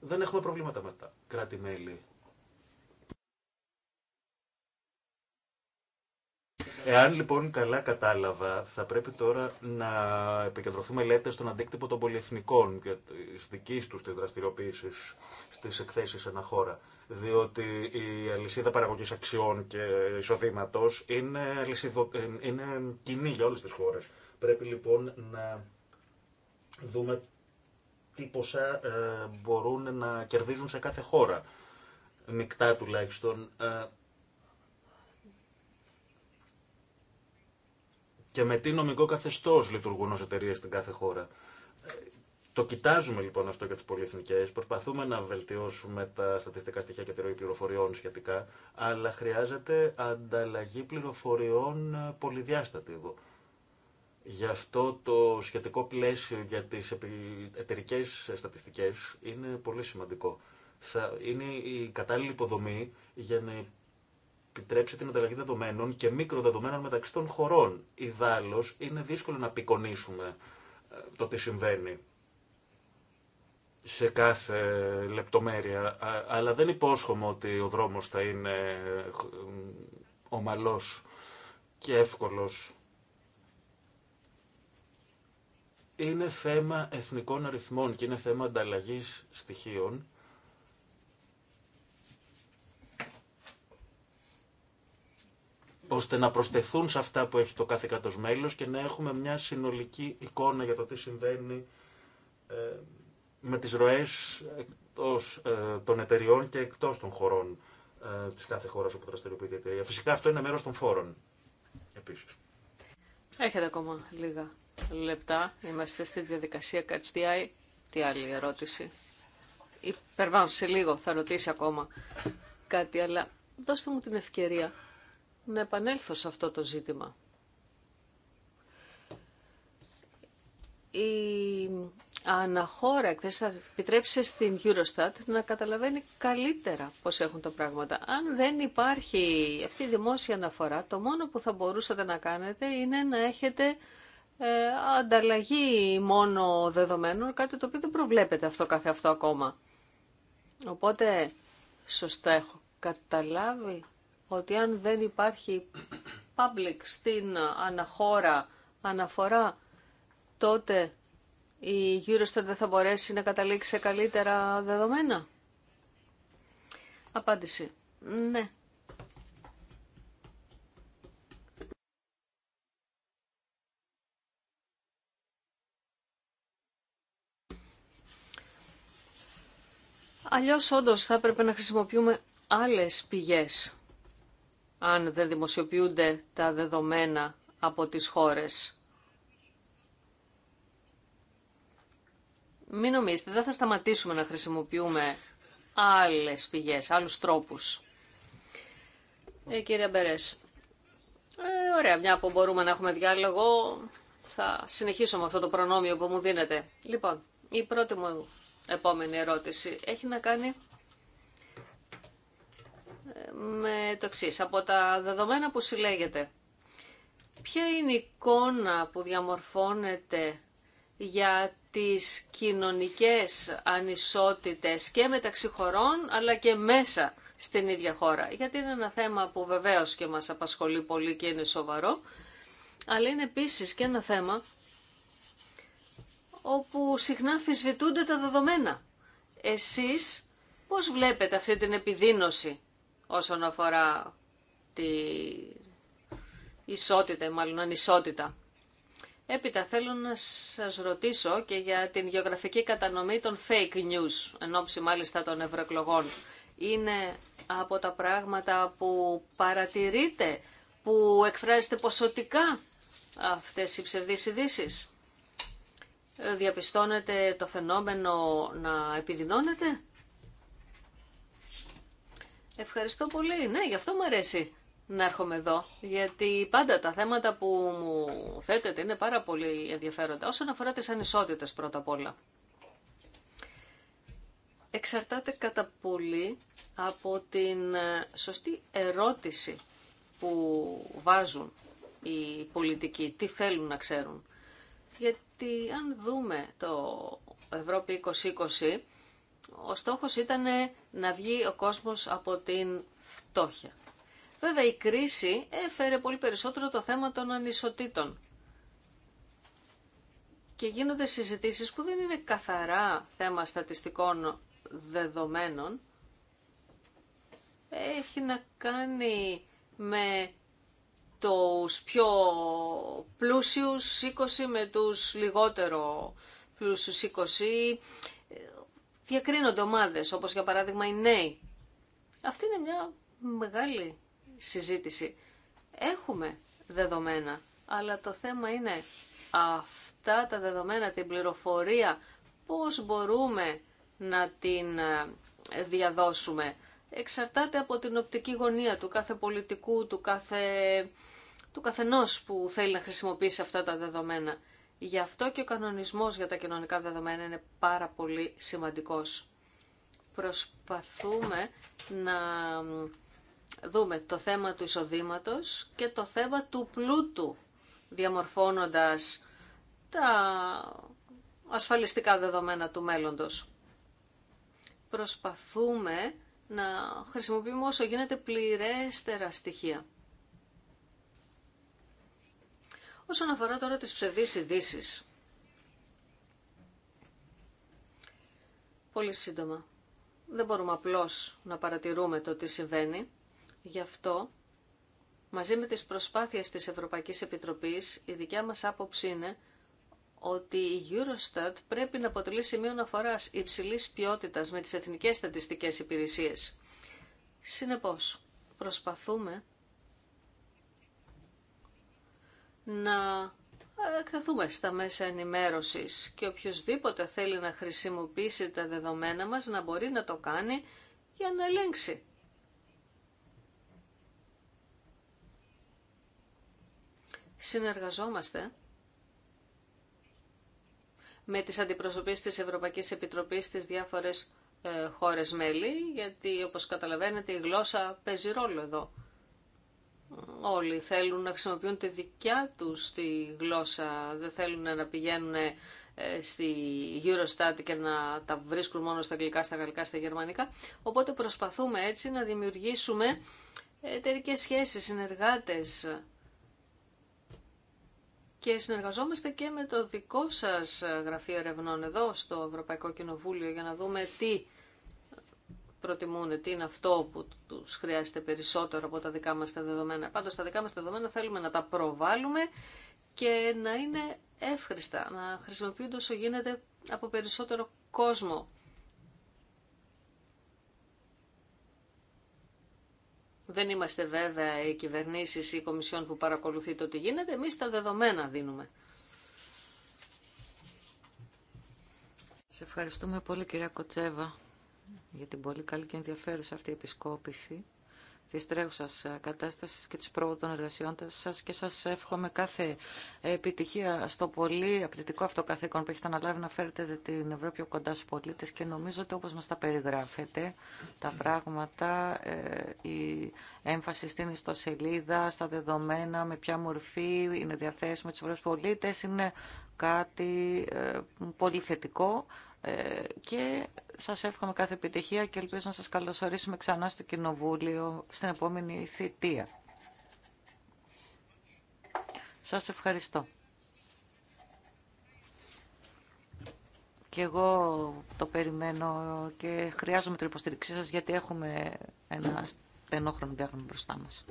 Δεν έχουμε προβλήματα με τα κράτη-μέλη Εάν λοιπόν καλά κατάλαβα, θα πρέπει τώρα να επικεντρωθούμε λέτε στον αντίκτυπο των πολυεθνικών και τη δική του τη δραστηριοποίηση στι εκθέσει ένα χώρα. Διότι η αλυσίδα παραγωγή αξιών και εισοδήματο είναι, είναι κοινή για όλε τι χώρε. Πρέπει λοιπόν να δούμε τι ποσά ε, μπορούν να κερδίζουν σε κάθε χώρα. Μικτά τουλάχιστον ε, και με τι νομικό καθεστώ λειτουργούν ω εταιρείε στην κάθε χώρα. Ε, το κοιτάζουμε λοιπόν αυτό για τι πολυεθνικέ. Προσπαθούμε να βελτιώσουμε τα στατιστικά στοιχεία και τη ροή πληροφοριών σχετικά, αλλά χρειάζεται ανταλλαγή πληροφοριών ε, πολυδιάστατη εδώ. Γι' αυτό το σχετικό πλαίσιο για τι εταιρικέ στατιστικέ είναι πολύ σημαντικό. Θα είναι η κατάλληλη υποδομή για να επιτρέψει την ανταλλαγή δεδομένων και μικροδεδομένων μεταξύ των χωρών. Ιδάλω είναι δύσκολο να απεικονίσουμε ε, το τι συμβαίνει σε κάθε λεπτομέρεια. Αλλά δεν υπόσχομαι ότι ο δρόμος θα είναι ομαλός και εύκολος. Είναι θέμα εθνικών αριθμών και είναι θέμα ανταλλαγής στοιχείων ώστε να προσθεθούν σε αυτά που έχει το κάθε κράτο μέλος και να έχουμε μια συνολική εικόνα για το τι συμβαίνει ε, με τις ροές εκτός ε, των εταιριών και εκτός των χωρών ε, της κάθε χώρας όπου δραστηριοποιείται η εταιρεία. Φυσικά αυτό είναι μέρος των φόρων επίσης. Έχετε ακόμα λίγα λεπτά. Είμαστε στη διαδικασία CatchDI. Τι άλλη ερώτηση. Υπερβάνω σε λίγο, θα ρωτήσει ακόμα κάτι, αλλά δώστε μου την ευκαιρία να επανέλθω σε αυτό το ζήτημα. Η αναχώρα εκτός θα επιτρέψει στην Eurostat να καταλαβαίνει καλύτερα πώς έχουν τα πράγματα. Αν δεν υπάρχει αυτή η δημόσια αναφορά, το μόνο που θα μπορούσατε να κάνετε είναι να έχετε ε, ανταλλαγή μόνο δεδομένων, κάτι το οποίο δεν προβλέπετε αυτό κάθε αυτό ακόμα. Οπότε, σωστά έχω καταλάβει ότι αν δεν υπάρχει public στην αναχώρα αναφορά, τότε η Eurostat δεν θα μπορέσει να καταλήξει σε καλύτερα δεδομένα. Απάντηση. Ναι. Αλλιώς όντως θα έπρεπε να χρησιμοποιούμε άλλες πηγές αν δεν δημοσιοποιούνται τα δεδομένα από τις χώρες. Μην νομίζετε, δεν θα σταματήσουμε να χρησιμοποιούμε άλλες πηγές, άλλους τρόπους. Ε, κύριε Μπερές, ε, ωραία, μια που μπορούμε να έχουμε διάλογο, θα συνεχίσω με αυτό το προνόμιο που μου δίνετε. Λοιπόν, η πρώτη μου επόμενη ερώτηση έχει να κάνει με το εξή. Από τα δεδομένα που συλλέγεται, ποια είναι η εικόνα που διαμορφώνεται για τις κοινωνικές ανισότητες και μεταξύ χωρών αλλά και μέσα στην ίδια χώρα. Γιατί είναι ένα θέμα που βεβαίως και μας απασχολεί πολύ και είναι σοβαρό, αλλά είναι επίσης και ένα θέμα όπου συχνά αμφισβητούνται τα δεδομένα. Εσείς πώς βλέπετε αυτή την επιδείνωση όσον αφορά τη ισότητα, μάλλον ανισότητα. Έπειτα θέλω να σας ρωτήσω και για την γεωγραφική κατανομή των fake news, εν μάλιστα των ευρωεκλογών. Είναι από τα πράγματα που παρατηρείτε, που εκφράζεται ποσοτικά αυτές οι ψευδείς ειδήσει. Διαπιστώνετε το φαινόμενο να επιδεινώνεται. Ευχαριστώ πολύ. Ναι, γι' αυτό μου αρέσει να έρχομαι εδώ, γιατί πάντα τα θέματα που μου θέτετε είναι πάρα πολύ ενδιαφέροντα. Όσον αφορά τις ανισότητες πρώτα απ' όλα. Εξαρτάται κατά πολύ από την ε, σωστή ερώτηση που βάζουν οι πολιτικοί, τι θέλουν να ξέρουν. Γιατί αν δούμε το Ευρώπη 2020, ο στόχος ήταν να βγει ο κόσμος από την φτώχεια. Βέβαια η κρίση έφερε πολύ περισσότερο το θέμα των ανισοτήτων. Και γίνονται συζητήσεις που δεν είναι καθαρά θέμα στατιστικών δεδομένων. Έχει να κάνει με τους πιο πλούσιους 20 με τους λιγότερο πλούσιους 20, διακρίνονται ομάδες, όπως για παράδειγμα οι νέοι. Αυτή είναι μια μεγάλη συζήτηση. Έχουμε δεδομένα, αλλά το θέμα είναι αυτά τα δεδομένα, την πληροφορία, πώς μπορούμε να την ε, διαδώσουμε. Εξαρτάται από την οπτική γωνία του κάθε πολιτικού, του κάθε του καθενός που θέλει να χρησιμοποιήσει αυτά τα δεδομένα. Γι' αυτό και ο κανονισμός για τα κοινωνικά δεδομένα είναι πάρα πολύ σημαντικός. Προσπαθούμε να δούμε το θέμα του εισοδήματος και το θέμα του πλούτου, διαμορφώνοντας τα ασφαλιστικά δεδομένα του μέλλοντος. Προσπαθούμε να χρησιμοποιούμε όσο γίνεται πληρέστερα στοιχεία. Όσον αφορά τώρα τις ψευδείς ειδήσει. Πολύ σύντομα. Δεν μπορούμε απλώς να παρατηρούμε το τι συμβαίνει. Γι' αυτό, μαζί με τις προσπάθειες της Ευρωπαϊκής Επιτροπής, η δικιά μας άποψη είναι ότι η Eurostat πρέπει να αποτελεί σημείο αναφορά υψηλής ποιότητας με τις εθνικές στατιστικές υπηρεσίες. Συνεπώς, προσπαθούμε να ε, εκτεθούμε στα μέσα ενημέρωσης και οποιοδήποτε θέλει να χρησιμοποιήσει τα δεδομένα μας να μπορεί να το κάνει για να ελέγξει. Συνεργαζόμαστε με τις αντιπροσωπείς της Ευρωπαϊκής Επιτροπής στις διάφορες ε, χώρες μέλη, γιατί όπως καταλαβαίνετε η γλώσσα παίζει ρόλο εδώ. Όλοι θέλουν να χρησιμοποιούν τη δικιά τους τη γλώσσα, δεν θέλουν να πηγαίνουν ε, στη Eurostat και να τα βρίσκουν μόνο στα αγγλικά, στα γαλλικά, στα γερμανικά. Οπότε προσπαθούμε έτσι να δημιουργήσουμε εταιρικές σχέσεις, συνεργάτες και συνεργαζόμαστε και με το δικό σας γραφείο ερευνών εδώ στο Ευρωπαϊκό Κοινοβούλιο για να δούμε τι προτιμούν, τι είναι αυτό που του χρειάζεται περισσότερο από τα δικά μας τα δεδομένα. Πάντως τα δικά μας τα δεδομένα θέλουμε να τα προβάλλουμε και να είναι εύχριστα, να χρησιμοποιούνται όσο γίνεται από περισσότερο κόσμο. Δεν είμαστε βέβαια οι κυβερνήσει ή η κομισιόν που παρακολουθεί το τι γίνεται, Εμεί τα δεδομένα δίνουμε. Σε ευχαριστούμε πολύ κυρία Κοτσέβα για την πολύ καλή και ενδιαφέρουσα αυτή η επισκόπηση τη τρέχουσα ε, κατάσταση και τη πρόοδου των εργασιών σα και σα εύχομαι κάθε επιτυχία στο πολύ απαιτητικό αυτό καθήκον που έχετε αναλάβει να φέρετε την Ευρώπη πιο κοντά στου πολίτε και νομίζω ότι όπω μα τα περιγράφετε τα πράγματα, ε, η έμφαση στην ιστοσελίδα, στα δεδομένα, με ποια μορφή είναι διαθέσιμη του Ευρωπαίου πολίτε, είναι κάτι ε, πολύ θετικό ε, και σας εύχομαι κάθε επιτυχία και ελπίζω να σας καλωσορίσουμε ξανά στο Κοινοβούλιο στην επόμενη θητεία. Σας ευχαριστώ. Και εγώ το περιμένω και χρειάζομαι την υποστήριξή σας γιατί έχουμε ένα στενόχρονο διάγραμμα μπροστά μας.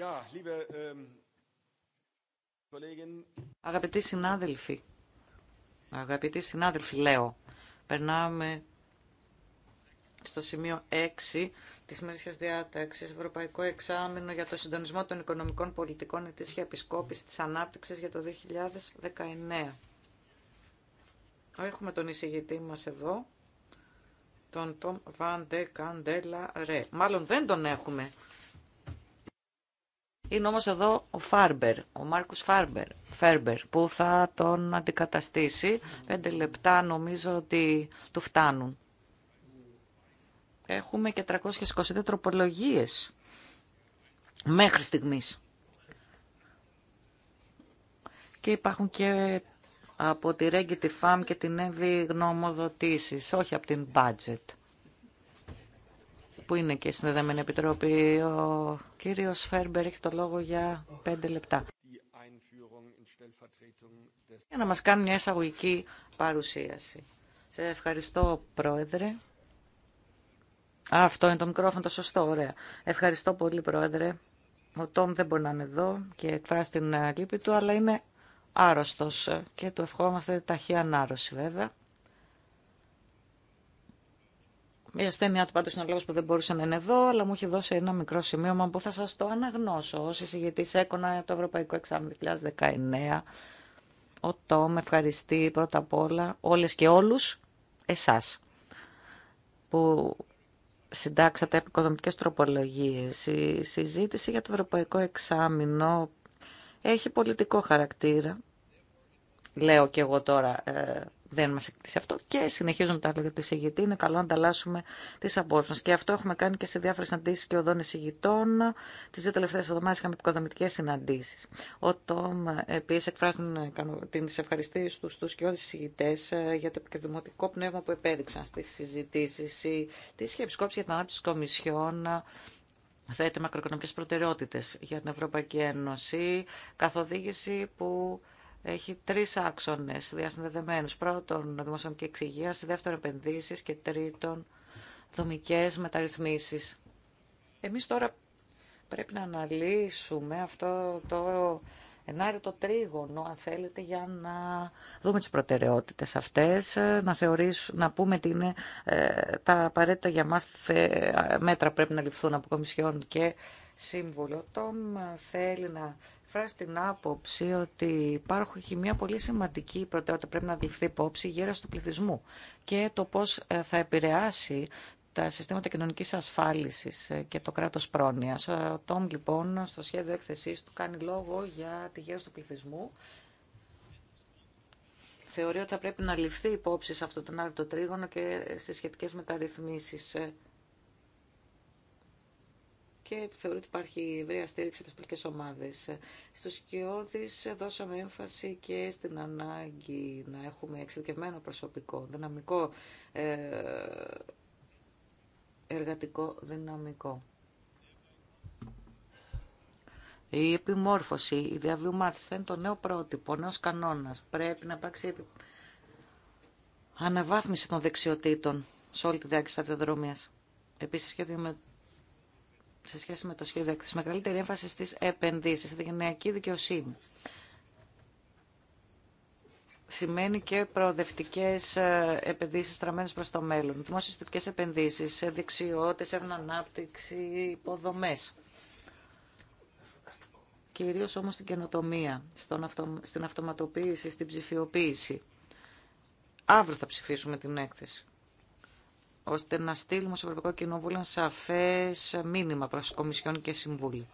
Ja, liebe ähm, Αγαπητοί συνάδελφοι, αγαπητοί συνάδελφοι λέω, περνάμε στο σημείο 6 της Μερίσιας Διάταξης Ευρωπαϊκό Εξάμεινο για το συντονισμό των οικονομικών πολιτικών ετήσια επισκόπηση της ανάπτυξης για το 2019. Έχουμε τον εισηγητή μας εδώ, τον Τόμ Βάντε Καντέλα Ρε. Μάλλον δεν τον έχουμε είναι όμως εδώ ο Φάρμπερ, ο Μάρκους Φάρμπερ, Φέρμπερ, που θα τον αντικαταστήσει. Πέντε λεπτά νομίζω ότι του φτάνουν. Έχουμε και 322 τροπολογίες μέχρι στιγμής. Και υπάρχουν και από τη Ρέγκη, τη ΦΑΜ και την γνώμο γνωμοδοτήσεις, όχι από την budget που είναι και η Συνδεδεμένη Επιτροπή. Ο κύριος Φέρμπερ έχει το λόγο για πέντε λεπτά. Για να μας κάνει μια εισαγωγική παρουσίαση. Σε ευχαριστώ, Πρόεδρε. Α, αυτό είναι το μικρόφωνο, το σωστό, ωραία. Ευχαριστώ πολύ, Πρόεδρε. Ο Τόμ δεν μπορεί να είναι εδώ και εκφράσει την ε, λύπη του, αλλά είναι άρρωστος και του ευχόμαστε ταχύ ανάρρωση, βέβαια. Η ασθένειά του πάντω είναι ο λόγο που δεν μπορούσε να είναι εδώ, αλλά μου έχει δώσει ένα μικρό σημείωμα που θα σα το αναγνώσω. Ω εισηγητή έκονα το Ευρωπαϊκό Εξάμεινο 2019, ο Τόμ ευχαριστεί πρώτα απ' όλα όλε και όλου εσά που συντάξατε επικοδομητικέ τροπολογίες. Η συζήτηση για το Ευρωπαϊκό Εξάμεινο έχει πολιτικό χαρακτήρα λέω και εγώ τώρα ε, δεν μας εκπλήσει αυτό και συνεχίζουμε τα λόγια του εισηγητή. Είναι καλό να ανταλλάσσουμε τις απόψεις μας. Και αυτό έχουμε κάνει και σε διάφορες συναντήσεις και οδών εισηγητών. Τις δύο τελευταίες εβδομάδες είχαμε επικοδομητικές συναντήσεις. Ο Τόμ ε, επίσης εκφράζει την ε, ευχαριστήσεις του στους και όλους εισηγητές για το επικαιδημοτικό πνεύμα που επέδειξαν στις συζητήσεις ή τη σκέψη για την ανάπτυξη κομισιών θέτει μακροοικονομικές προτεραιότητες για την Ευρωπαϊκή Ένωση, καθοδήγηση που έχει τρεις άξονες διασυνδεδεμένους. Πρώτον, δημοσιονομική εξυγίαση, δεύτερον, επενδύσεις και τρίτον, δομικές μεταρρυθμίσεις. Εμείς τώρα πρέπει να αναλύσουμε αυτό το ενάρετο τρίγωνο, αν θέλετε, για να δούμε τις προτεραιότητες αυτές, να, θεωρήσουμε, να πούμε τι είναι ε, τα απαραίτητα για μας μέτρα πρέπει να ληφθούν από Κομισιόν και Σύμβουλο. Τόμ θέλει να εκφράσει την άποψη ότι υπάρχει μια πολύ σημαντική προτεραιότητα πρέπει να ληφθεί υπόψη η γέραση του πληθυσμού και το πώς ε, θα επηρεάσει τα συστήματα κοινωνικής ασφάλισης ε, και το κράτος πρόνοιας. Ε, ο Τόμ λοιπόν στο σχέδιο έκθεσής του κάνει λόγο για τη γέραση του πληθυσμού θεωρεί ότι θα πρέπει να ληφθεί υπόψη σε αυτό τον άλλο τρίγωνο και στις σχετικές μεταρρυθμίσεις και θεωρεί ότι υπάρχει ευρία στήριξη από τι πολιτικέ ομάδε. Στου δώσαμε έμφαση και στην ανάγκη να έχουμε εξειδικευμένο προσωπικό, δυναμικό ε, εργατικό δυναμικό. Η επιμόρφωση, η διαβίου θα είναι το νέο πρότυπο, ο νέος κανόνας. Πρέπει να υπάρξει αναβάθμιση των δεξιοτήτων σε όλη τη διάρκεια της σταδιοδρομίας. Επίσης, σχέδιο σε σχέση με το σχέδιο έκθεση. Μεγαλύτερη έμφαση στι επενδύσει, στη γενειακή δικαιοσύνη. Σημαίνει και προοδευτικέ ε, επενδύσει στραμμένε προ το μέλλον. Δημόσιε επενδύσεις, επενδύσει, δεξιότητε, έρευνα ανάπτυξη, υποδομέ. Κυρίω όμω στην καινοτομία, στον στην αυτοματοποίηση, στην ψηφιοποίηση. Αύριο θα ψηφίσουμε την έκθεση ώστε να στείλουμε στο Ευρωπαϊκό Κοινοβούλιο ένα σαφές μήνυμα προς Κομισιόν και Συμβούλιο.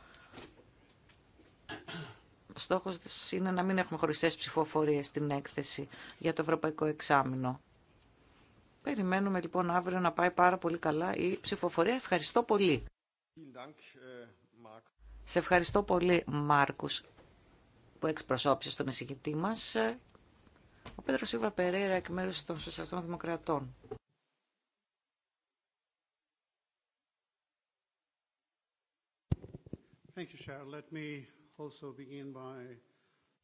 Στόχο είναι να μην έχουμε χωριστέ ψηφοφορίες στην έκθεση για το Ευρωπαϊκό Εξάμεινο. Περιμένουμε λοιπόν αύριο να πάει πάρα πολύ καλά η ψηφοφορία. Ευχαριστώ πολύ. Σε ευχαριστώ πολύ Μάρκους που εξπροσώπησε τον εισηγητή μας. Ο Πέτρος Σίβα Περέρα εκ μέρους των Σοσιαλιστών Δημοκρατών.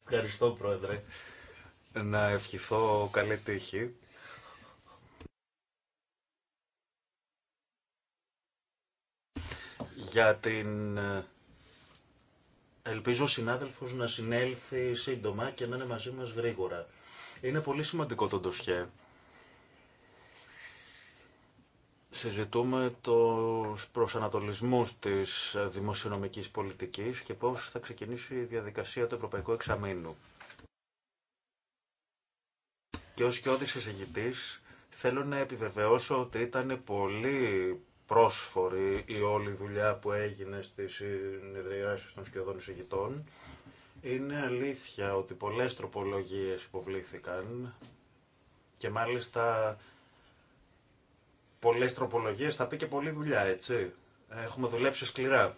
Ευχαριστώ, Πρόεδρε. Να ευχηθώ καλή τύχη. Για την... Ε, ελπίζω ο συνάδελφος να συνέλθει σύντομα και να είναι μαζί μας γρήγορα. Είναι πολύ σημαντικό το ντοσχέ. συζητούμε τους προσανατολισμούς της δημοσιονομικής πολιτικής και πώς θα ξεκινήσει η διαδικασία του Ευρωπαϊκού Εξαμήνου. Και ως όδης εισηγητής θέλω να επιβεβαιώσω ότι ήταν πολύ πρόσφορη η όλη δουλειά που έγινε στις συνεδριάσεις των σκιωδών εισηγητών. Είναι αλήθεια ότι πολλές τροπολογίες υποβλήθηκαν και μάλιστα Πολλέ τροπολογίε θα πει και πολλή δουλειά, έτσι. Έχουμε δουλέψει σκληρά.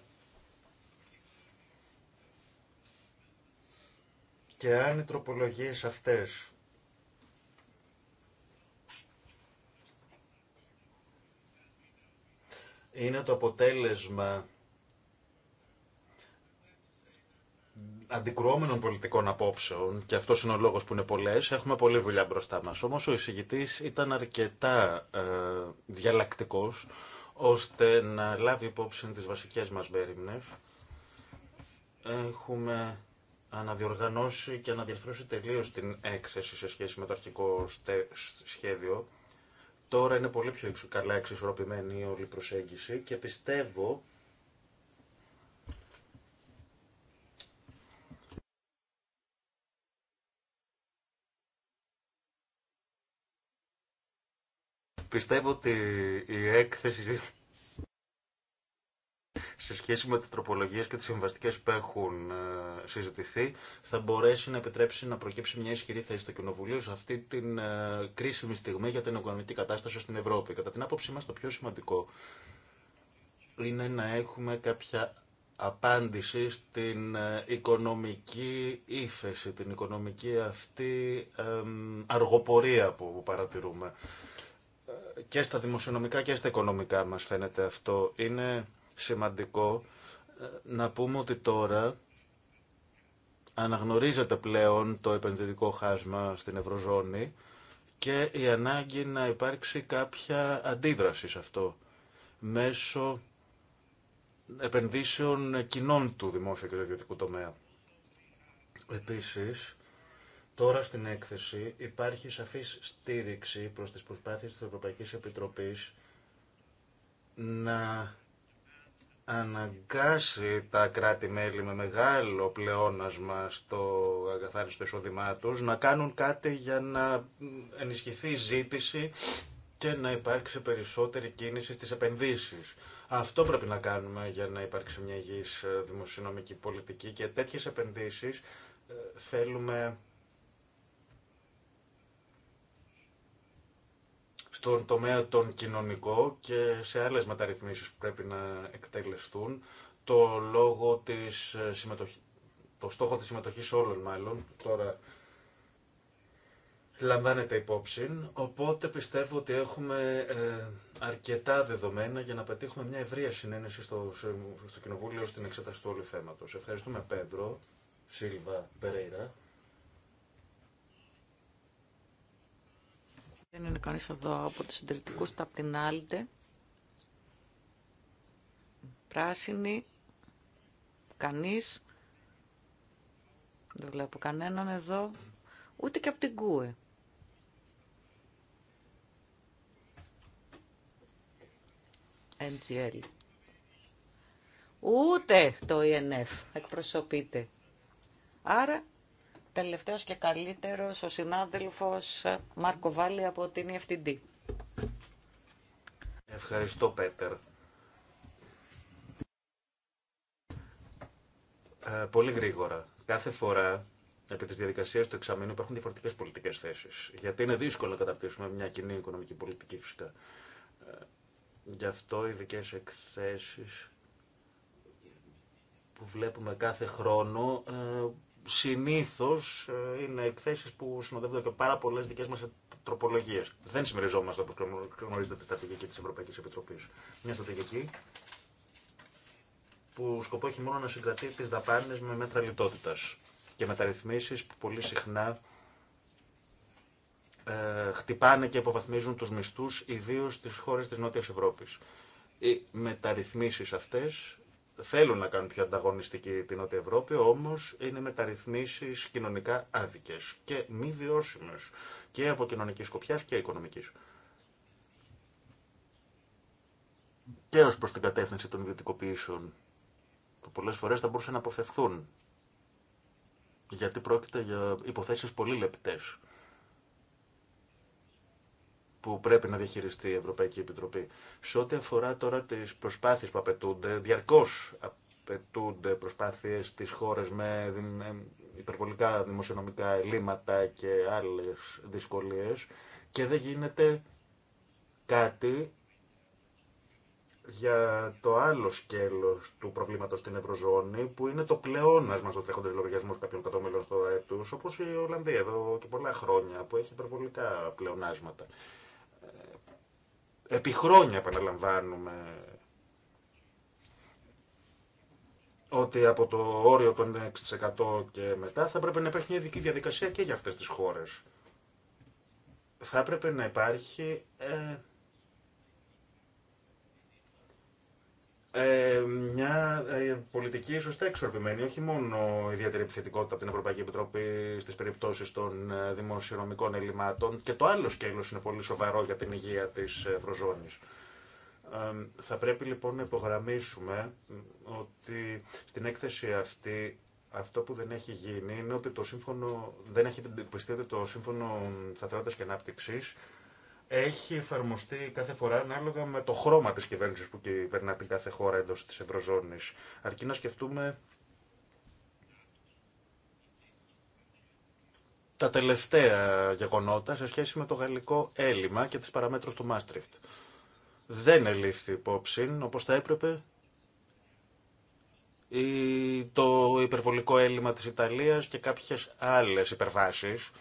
Και αν οι τροπολογίες αυτές είναι το αποτέλεσμα αντικρουόμενων πολιτικών απόψεων, και αυτό είναι ο λόγο που είναι πολλέ, έχουμε πολλή δουλειά μπροστά μα. Όμω ο εισηγητή ήταν αρκετά ε, διαλλακτικό ώστε να λάβει υπόψη τις βασικές μας μπέριμνε. Έχουμε αναδιοργανώσει και αναδιαρθρώσει τελείω την έκθεση σε σχέση με το αρχικό σχέδιο. Τώρα είναι πολύ πιο καλά εξισορροπημένη η όλη προσέγγιση και πιστεύω Πιστεύω ότι η έκθεση σε σχέση με τις τροπολογίες και τις συμβαστικές που έχουν ε, συζητηθεί θα μπορέσει να επιτρέψει να προκύψει μια ισχυρή θέση στο Κοινοβουλίο σε αυτή την ε, κρίσιμη στιγμή για την οικονομική κατάσταση στην Ευρώπη. Κατά την άποψή μας το πιο σημαντικό είναι να έχουμε κάποια απάντηση στην ε, οικονομική ύφεση, την οικονομική αυτή αργοπορία που παρατηρούμε και στα δημοσιονομικά και στα οικονομικά μας φαίνεται αυτό. Είναι σημαντικό ε, να πούμε ότι τώρα αναγνωρίζεται πλέον το επενδυτικό χάσμα στην Ευρωζώνη και η ανάγκη να υπάρξει κάποια αντίδραση σε αυτό μέσω επενδύσεων κοινών του δημόσιου και του ιδιωτικού τομέα. Επίσης, Τώρα στην έκθεση υπάρχει σαφής στήριξη προς τις προσπάθειες της Ευρωπαϊκής Επιτροπής να αναγκάσει τα κράτη-μέλη με μεγάλο πλεόνασμα στο αγαθάριστο εισόδημά τους να κάνουν κάτι για να ενισχυθεί η ζήτηση και να υπάρξει περισσότερη κίνηση στις επενδύσεις. Αυτό πρέπει να κάνουμε για να υπάρξει μια υγιής δημοσιονομική πολιτική και τέτοιες επενδύσεις ε, θέλουμε στον τομέα τον κοινωνικό και σε άλλες μεταρρυθμίσεις που πρέπει να εκτελεστούν το λόγο της ε, το στόχο της συμμετοχής όλων μάλλον τώρα λαμβάνεται υπόψη οπότε πιστεύω ότι έχουμε ε, αρκετά δεδομένα για να πετύχουμε μια ευρεία συνένεση στο, στο Κοινοβούλιο στην εξέταση του όλου θέματος. Ευχαριστούμε Πέντρο, Σίλβα, Περέιρα. Δεν είναι κανείς εδώ από τους συντηρητικούς, τα απ' την άλλη. Πράσινη, κανείς. Δεν βλέπω κανέναν εδώ, ούτε και από την ΚΟΕ. NGL. Ούτε το ENF εκπροσωπείται. Άρα τελευταίος και καλύτερος ο συνάδελφος Μάρκο Βάλλη από την EFTD. Ευχαριστώ Πέτερ. Ε, πολύ γρήγορα. Κάθε φορά επί τη διαδικασία του εξαμήνου υπάρχουν διαφορετικέ πολιτικέ θέσει. Γιατί είναι δύσκολο να καταρτήσουμε μια κοινή οικονομική πολιτική, φυσικά. Ε, γι' αυτό οι ειδικέ εκθέσει που βλέπουμε κάθε χρόνο ε, συνήθως ε, είναι εκθέσεις που συνοδεύονται και πάρα πολλές δικές μας τροπολογίες. Δεν συμμεριζόμαστε όπως γνωρίζετε τη στρατηγική της Ευρωπαϊκής Επιτροπής. Μια στρατηγική που σκοπό έχει μόνο να συγκρατεί τις δαπάνες με μέτρα λιτότητας και μεταρρυθμίσεις που πολύ συχνά ε, χτυπάνε και υποβαθμίζουν τους μισθούς, ιδίως στις χώρες της Νότιας Ευρώπης. Οι μεταρρυθμίσεις αυτές θέλουν να κάνουν πιο ανταγωνιστική την Νότια Ευρώπη, όμω είναι μεταρρυθμίσει κοινωνικά άδικε και μη βιώσιμε και από κοινωνική σκοπιά και οικονομική. Και ω προ την κατεύθυνση των ιδιωτικοποιήσεων, που πολλέ φορέ θα μπορούσαν να αποφευθούν. Γιατί πρόκειται για υποθέσει πολύ λεπτές που πρέπει να διαχειριστεί η Ευρωπαϊκή Επιτροπή. Σε ό,τι αφορά τώρα τι προσπάθειες που απαιτούνται, διαρκώ απαιτούνται προσπάθειε στι χώρε με υπερβολικά δημοσιονομικά ελλείμματα και άλλε δυσκολίε και δεν γίνεται κάτι για το άλλο σκέλος του προβλήματος στην Ευρωζώνη, που είναι το πλεόνασμα στο τρέχοντες λογαριασμού κάποιων κατώμελων στο ΑΕΠ όπως η Ολλανδία εδώ και πολλά χρόνια, που έχει υπερβολικά πλεονάσματα επί χρόνια επαναλαμβάνουμε ότι από το όριο των 6% και μετά θα πρέπει να υπάρχει μια ειδική διαδικασία και για αυτές τις χώρες. Θα έπρεπε να υπάρχει ε, Ε, μια ε, πολιτική σωστά εξορπημένη, όχι μόνο ιδιαίτερη επιθετικότητα από την Ευρωπαϊκή Επιτροπή στις περιπτώσεις των ε, δημοσιονομικών ελλημάτων και το άλλο σκέλος είναι πολύ σοβαρό για την υγεία της Ευρωζώνης. Ε, θα πρέπει λοιπόν να υπογραμμίσουμε ότι στην έκθεση αυτή αυτό που δεν έχει γίνει είναι ότι το σύμφωνο, δεν έχει πιστεί ότι το σύμφωνο σταθερότητας και ανάπτυξη έχει εφαρμοστεί κάθε φορά ανάλογα με το χρώμα της κυβέρνηση που κυβερνά την κάθε χώρα εντό τη Ευρωζώνη. Αρκεί να σκεφτούμε τα τελευταία γεγονότα σε σχέση με το γαλλικό έλλειμμα και τις παραμέτρους του Μάστριφτ. Δεν ελήφθη υπόψη, όπως θα έπρεπε, το υπερβολικό έλλειμμα της Ιταλίας και κάποιες άλλες υπερβάσεις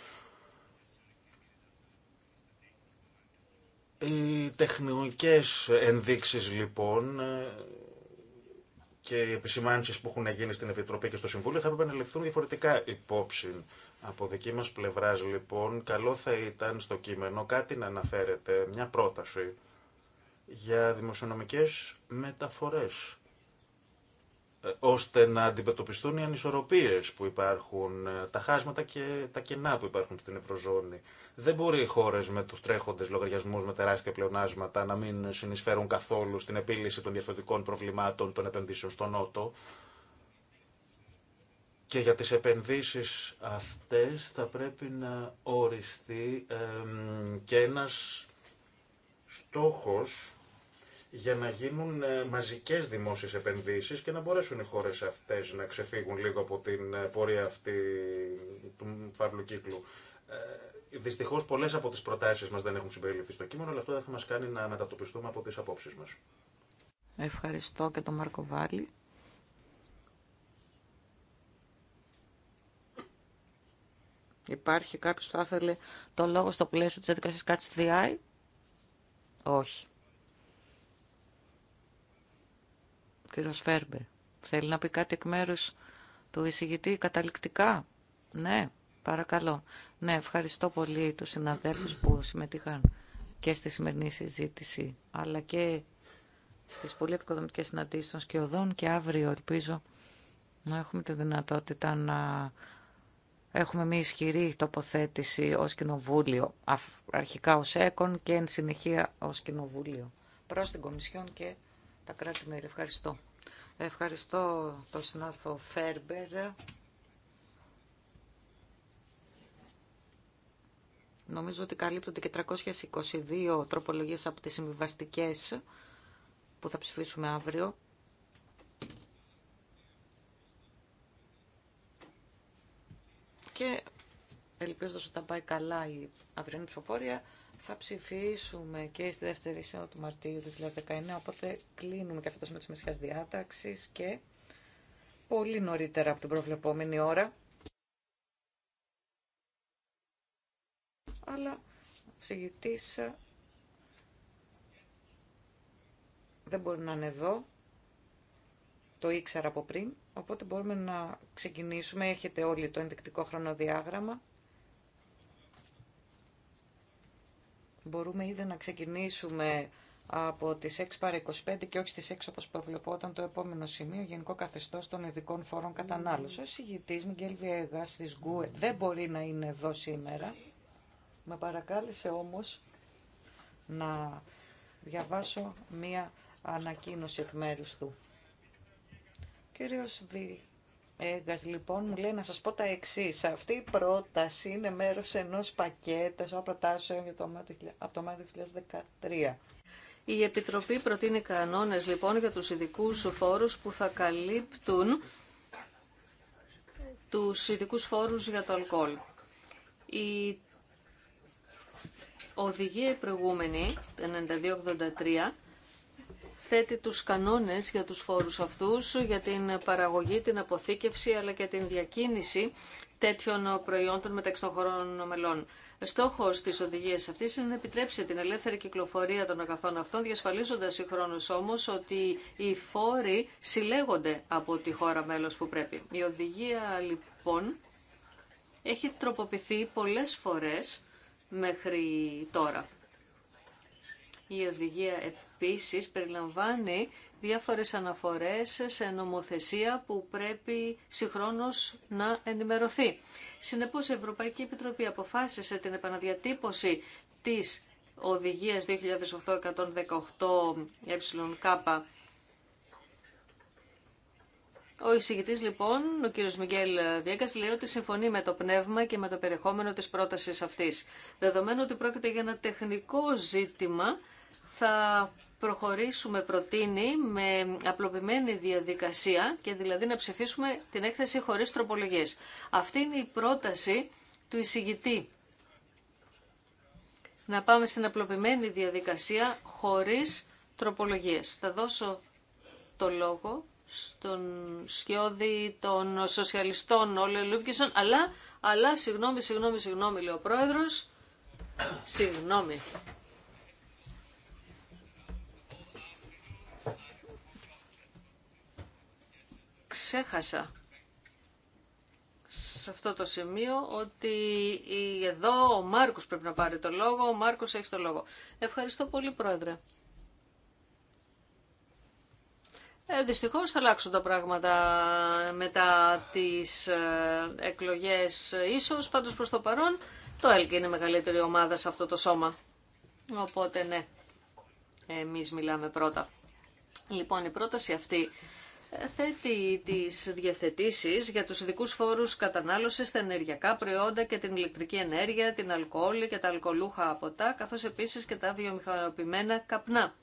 Οι τεχνικές ενδείξεις λοιπόν και οι επισημάνσεις που έχουν γίνει στην Επιτροπή και στο Συμβούλιο θα έπρεπε να ληφθούν διαφορετικά υπόψη. Από δική μας πλευράς λοιπόν καλό θα ήταν στο κείμενο κάτι να αναφέρεται, μια πρόταση για δημοσιονομικές μεταφορές ώστε να αντιμετωπιστούν οι ανισορροπίες που υπάρχουν, ε, τα χάσματα και τα κενά που υπάρχουν στην Ευρωζώνη. Δεν μπορεί οι χώρε με τους τρέχοντες λογαριασμούς με τεράστια πλεονάσματα να μην συνεισφέρουν καθόλου στην επίλυση των διαφορετικών προβλημάτων των επενδύσεων στο Νότο. Και για τις επενδύσεις αυτές θα πρέπει να οριστεί και ένας στόχος για να γίνουν ε, μαζικές δημόσιες επενδύσεις και να μπορέσουν οι χώρες αυτές να ξεφύγουν λίγο από την ε, πορεία αυτή του φαύλου κύκλου. Ε, Δυστυχώ πολλέ από τι προτάσει μα δεν έχουν συμπεριληφθεί στο κείμενο, αλλά αυτό δεν θα μα κάνει να μετατοπιστούμε από τι απόψει μα. Ευχαριστώ και τον Μάρκο Υπάρχει κάποιο που θα ήθελε το λόγο στο πλαίσιο τη έντυπη κάτι Όχι. Κύριο Φέρμπερ, θέλει να πει κάτι εκ μέρους του εισηγητή καταληκτικά. Ναι, παρακαλώ. Ναι, ευχαριστώ πολύ τους συναδέλφους που συμμετείχαν και στη σημερινή συζήτηση, αλλά και στις πολύ επικοδομικές συναντήσεις των σκιωδών και αύριο ελπίζω να έχουμε τη δυνατότητα να έχουμε μια ισχυρή τοποθέτηση ως κοινοβούλιο, αρχικά ως έκον και εν συνεχεία ως κοινοβούλιο, προς την Κομισιόν και τα κράτη-μέλη. Ευχαριστώ. Ευχαριστώ τον συνάδελφο Φέρμπερ. Νομίζω ότι καλύπτονται και 322 τροπολογίες από τις συμβιβαστικέ που θα ψηφίσουμε αύριο. Και ελπίζοντας ότι θα πάει καλά η αυριανή ψηφοφόρια, θα ψηφίσουμε και στη δεύτερη σύνοδο του Μαρτίου του 2019, οπότε κλείνουμε και αυτό το σημείο της μεσιάς διάταξης και πολύ νωρίτερα από την προβλεπόμενη ώρα. Αλλά ο ψηγητής ε, δεν μπορεί να είναι εδώ, το ήξερα από πριν, οπότε μπορούμε να ξεκινήσουμε, έχετε όλοι το ενδεικτικό χρονοδιάγραμμα. μπορούμε ήδη να ξεκινήσουμε από τις 6 παρα 25 και όχι στις 6 όπως προβλεπόταν το επόμενο σημείο γενικό καθεστώς των ειδικών φόρων κατανάλωσης. Ο συγητής Μιγγέλ Βιέγας της ΓΚΟΕ δεν μπορεί να είναι εδώ σήμερα. Με παρακάλεσε όμως να διαβάσω μία ανακοίνωση εκ μέρους του. Κύριος Βιεγάς. Έγκας λοιπόν μου λέει να σας πω τα εξή. Αυτή η πρόταση είναι μέρος ενός πακέτου προτάσεων για το, από το Μάιο 2013. Η Επιτροπή προτείνει κανόνες λοιπόν για τους ειδικού φόρους που θα καλύπτουν τους ειδικού φόρους για το αλκοόλ. Η οδηγία προηγούμενη, 92-83 θέτει τους κανόνες για τους φόρους αυτούς, για την παραγωγή, την αποθήκευση αλλά και την διακίνηση τέτοιων προϊόντων μεταξύ των χωρών μελών. Στόχο τη οδηγία αυτή είναι να επιτρέψει την ελεύθερη κυκλοφορία των αγαθών αυτών, διασφαλίζοντα συγχρόνω όμω ότι οι φόροι συλλέγονται από τη χώρα μέλο που πρέπει. Η οδηγία λοιπόν έχει τροποποιηθεί πολλές φορές μέχρι τώρα. Η οδηγία επίσης περιλαμβάνει διάφορες αναφορές σε νομοθεσία που πρέπει συγχρόνως να ενημερωθεί. Συνεπώς η Ευρωπαϊκή Επιτροπή αποφάσισε την επαναδιατύπωση της οδηγίας 2008-118 ΕΚ ε ο εισηγητή λοιπόν, ο κύριος Μιγγέλ Βιέγκα, λέει ότι συμφωνεί με το πνεύμα και με το περιεχόμενο τη πρόταση αυτή. Δεδομένου ότι πρόκειται για ένα τεχνικό ζήτημα, θα προχωρήσουμε προτείνει με απλοποιημένη διαδικασία και δηλαδή να ψηφίσουμε την έκθεση χωρίς τροπολογίες. Αυτή είναι η πρόταση του εισηγητή. Να πάμε στην απλοποιημένη διαδικασία χωρίς τροπολογίες. Θα δώσω το λόγο στον σκιώδη των σοσιαλιστών Όλε λούπκισον. αλλά, αλλά συγγνώμη, συγγνώμη, συγγνώμη, λέει ο πρόεδρος, συγγνώμη. ξέχασα σε αυτό το σημείο ότι εδώ ο Μάρκος πρέπει να πάρει το λόγο. Ο Μάρκος έχει το λόγο. Ευχαριστώ πολύ, Πρόεδρε. Ε, δυστυχώς θα αλλάξουν τα πράγματα μετά τις ε, εκλογές ίσως, πάντως προς το παρόν το ΕΛΚ είναι η μεγαλύτερη ομάδα σε αυτό το σώμα. Οπότε ναι, εμείς μιλάμε πρώτα. Λοιπόν, η πρόταση αυτή θέτει τις διευθετήσεις για τους ειδικού φόρους κατανάλωσης στα ενεργειακά προϊόντα και την ηλεκτρική ενέργεια, την αλκοόλη και τα αλκοολούχα ποτά, καθώς επίσης και τα βιομηχανοποιημένα καπνά.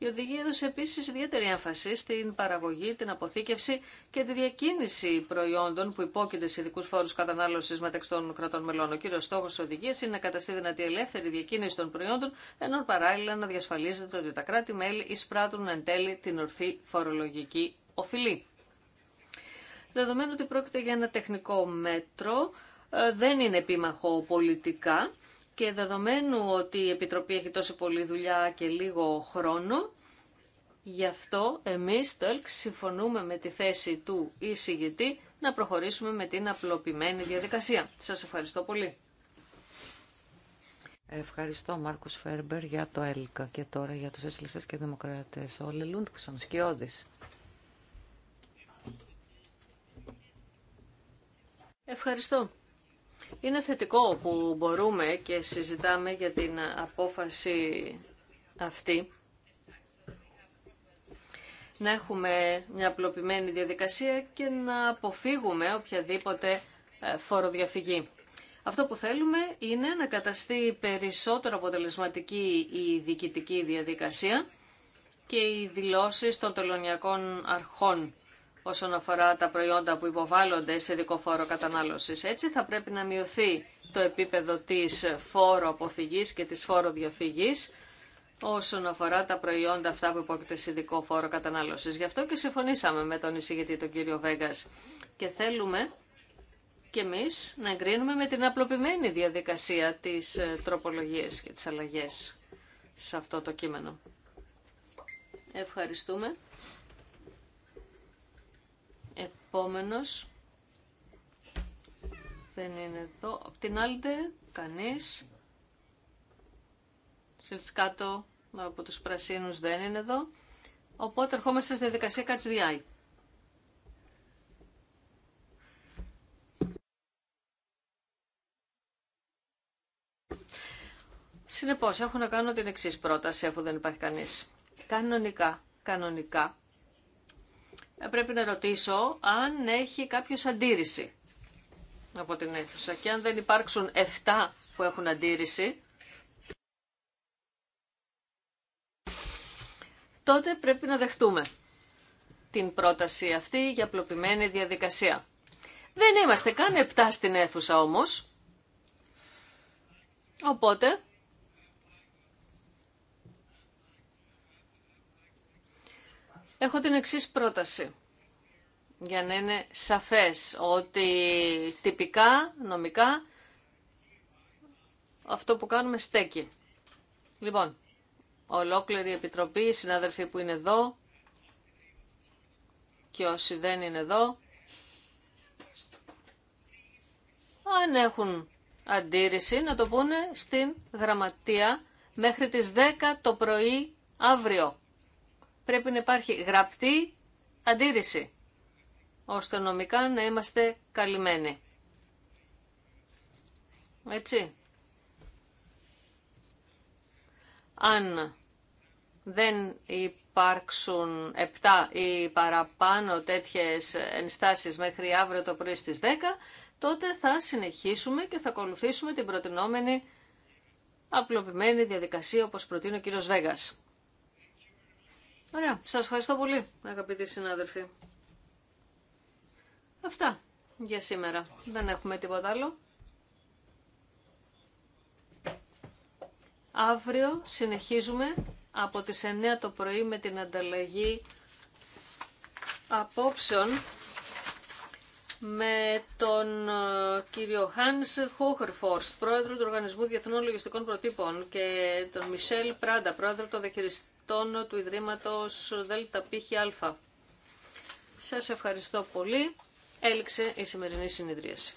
Η οδηγία έδωσε επίσης ιδιαίτερη έμφαση στην παραγωγή, την αποθήκευση και τη διακίνηση προϊόντων που υπόκεινται σε ειδικού φόρου κατανάλωση μεταξύ των κρατών μελών. Ο κύριο στόχο τη οδηγία είναι να καταστεί δυνατή ελεύθερη διακίνηση των προϊόντων, ενώ παράλληλα να διασφαλίζεται ότι τα κράτη-μέλη εισπράττουν εν τέλει την ορθή φορολογική οφειλεί. Δεδομένου ότι πρόκειται για ένα τεχνικό μέτρο, ε, δεν είναι επίμαχο πολιτικά και δεδομένου ότι η Επιτροπή έχει τόση πολλή δουλειά και λίγο χρόνο, γι' αυτό εμείς το ΕΛΚ συμφωνούμε με τη θέση του εισηγητή να προχωρήσουμε με την απλοποιημένη διαδικασία. Σας ευχαριστώ πολύ. Ευχαριστώ Μάρκος Φέρμπερ για το ΕΛΚΑ και τώρα για τους Εσλιστές και Δημοκράτες. Όλοι λούντξαν Σκιώδης. Ευχαριστώ. Είναι θετικό που μπορούμε και συζητάμε για την απόφαση αυτή να έχουμε μια απλοποιημένη διαδικασία και να αποφύγουμε οποιαδήποτε ε, φοροδιαφυγή. Αυτό που θέλουμε είναι να καταστεί περισσότερο αποτελεσματική η διοικητική διαδικασία και οι δηλώσεις των τελωνιακών αρχών όσον αφορά τα προϊόντα που υποβάλλονται σε ειδικό φόρο κατανάλωσης. Έτσι θα πρέπει να μειωθεί το επίπεδο της φόρο αποφυγής και της φόρο διαφυγής όσον αφορά τα προϊόντα αυτά που υπόκειται σε ειδικό φόρο κατανάλωσης. Γι' αυτό και συμφωνήσαμε με τον εισηγητή τον κύριο Βέγκας και θέλουμε και εμείς να εγκρίνουμε με την απλοποιημένη διαδικασία της ε, τροπολογίας και τις αλλαγές σε αυτό το κείμενο. Ευχαριστούμε επόμενος δεν είναι εδώ. Απ' την άλλη κανείς. Σελσκάτο από τους πρασίνους δεν είναι εδώ. Οπότε ερχόμαστε στη διαδικασία Κατσδιάη. Συνεπώς, έχω να κάνω την εξής πρόταση, αφού δεν υπάρχει κανείς. Κανονικά, κανονικά, πρέπει να ρωτήσω αν έχει κάποιο αντίρρηση από την αίθουσα. Και αν δεν υπάρξουν 7 που έχουν αντίρρηση, τότε πρέπει να δεχτούμε την πρόταση αυτή για απλοποιημένη διαδικασία. Δεν είμαστε καν 7 στην αίθουσα όμως. Οπότε Έχω την εξής πρόταση για να είναι σαφές ότι τυπικά, νομικά, αυτό που κάνουμε στέκει. Λοιπόν, ολόκληρη η Επιτροπή, οι συνάδελφοι που είναι εδώ και όσοι δεν είναι εδώ, αν έχουν αντίρρηση να το πούνε στην γραμματεία μέχρι τις 10 το πρωί αύριο πρέπει να υπάρχει γραπτή αντίρρηση, ώστε νομικά να είμαστε καλυμμένοι. Έτσι. Αν δεν υπάρξουν 7 ή παραπάνω τέτοιες ενστάσεις μέχρι αύριο το πρωί στις 10, τότε θα συνεχίσουμε και θα ακολουθήσουμε την προτινόμενη απλοποιημένη διαδικασία όπως προτείνει ο κύριος Βέγας. Ωραία. Σας ευχαριστώ πολύ, αγαπητοί συνάδελφοι. Αυτά για σήμερα. Δεν έχουμε τίποτα άλλο. Αύριο συνεχίζουμε από τις 9 το πρωί με την ανταλλαγή απόψεων με τον ε, κύριο Hans Hocherforst, πρόεδρο του Οργανισμού Διεθνών Λογιστικών Προτύπων και τον Μισελ Πράντα, πρόεδρο των διαχειριστών τόνο του Ιδρύματος ΔΠΧΑ. Σας ευχαριστώ πολύ. Έληξε η σημερινή συνεδρίαση.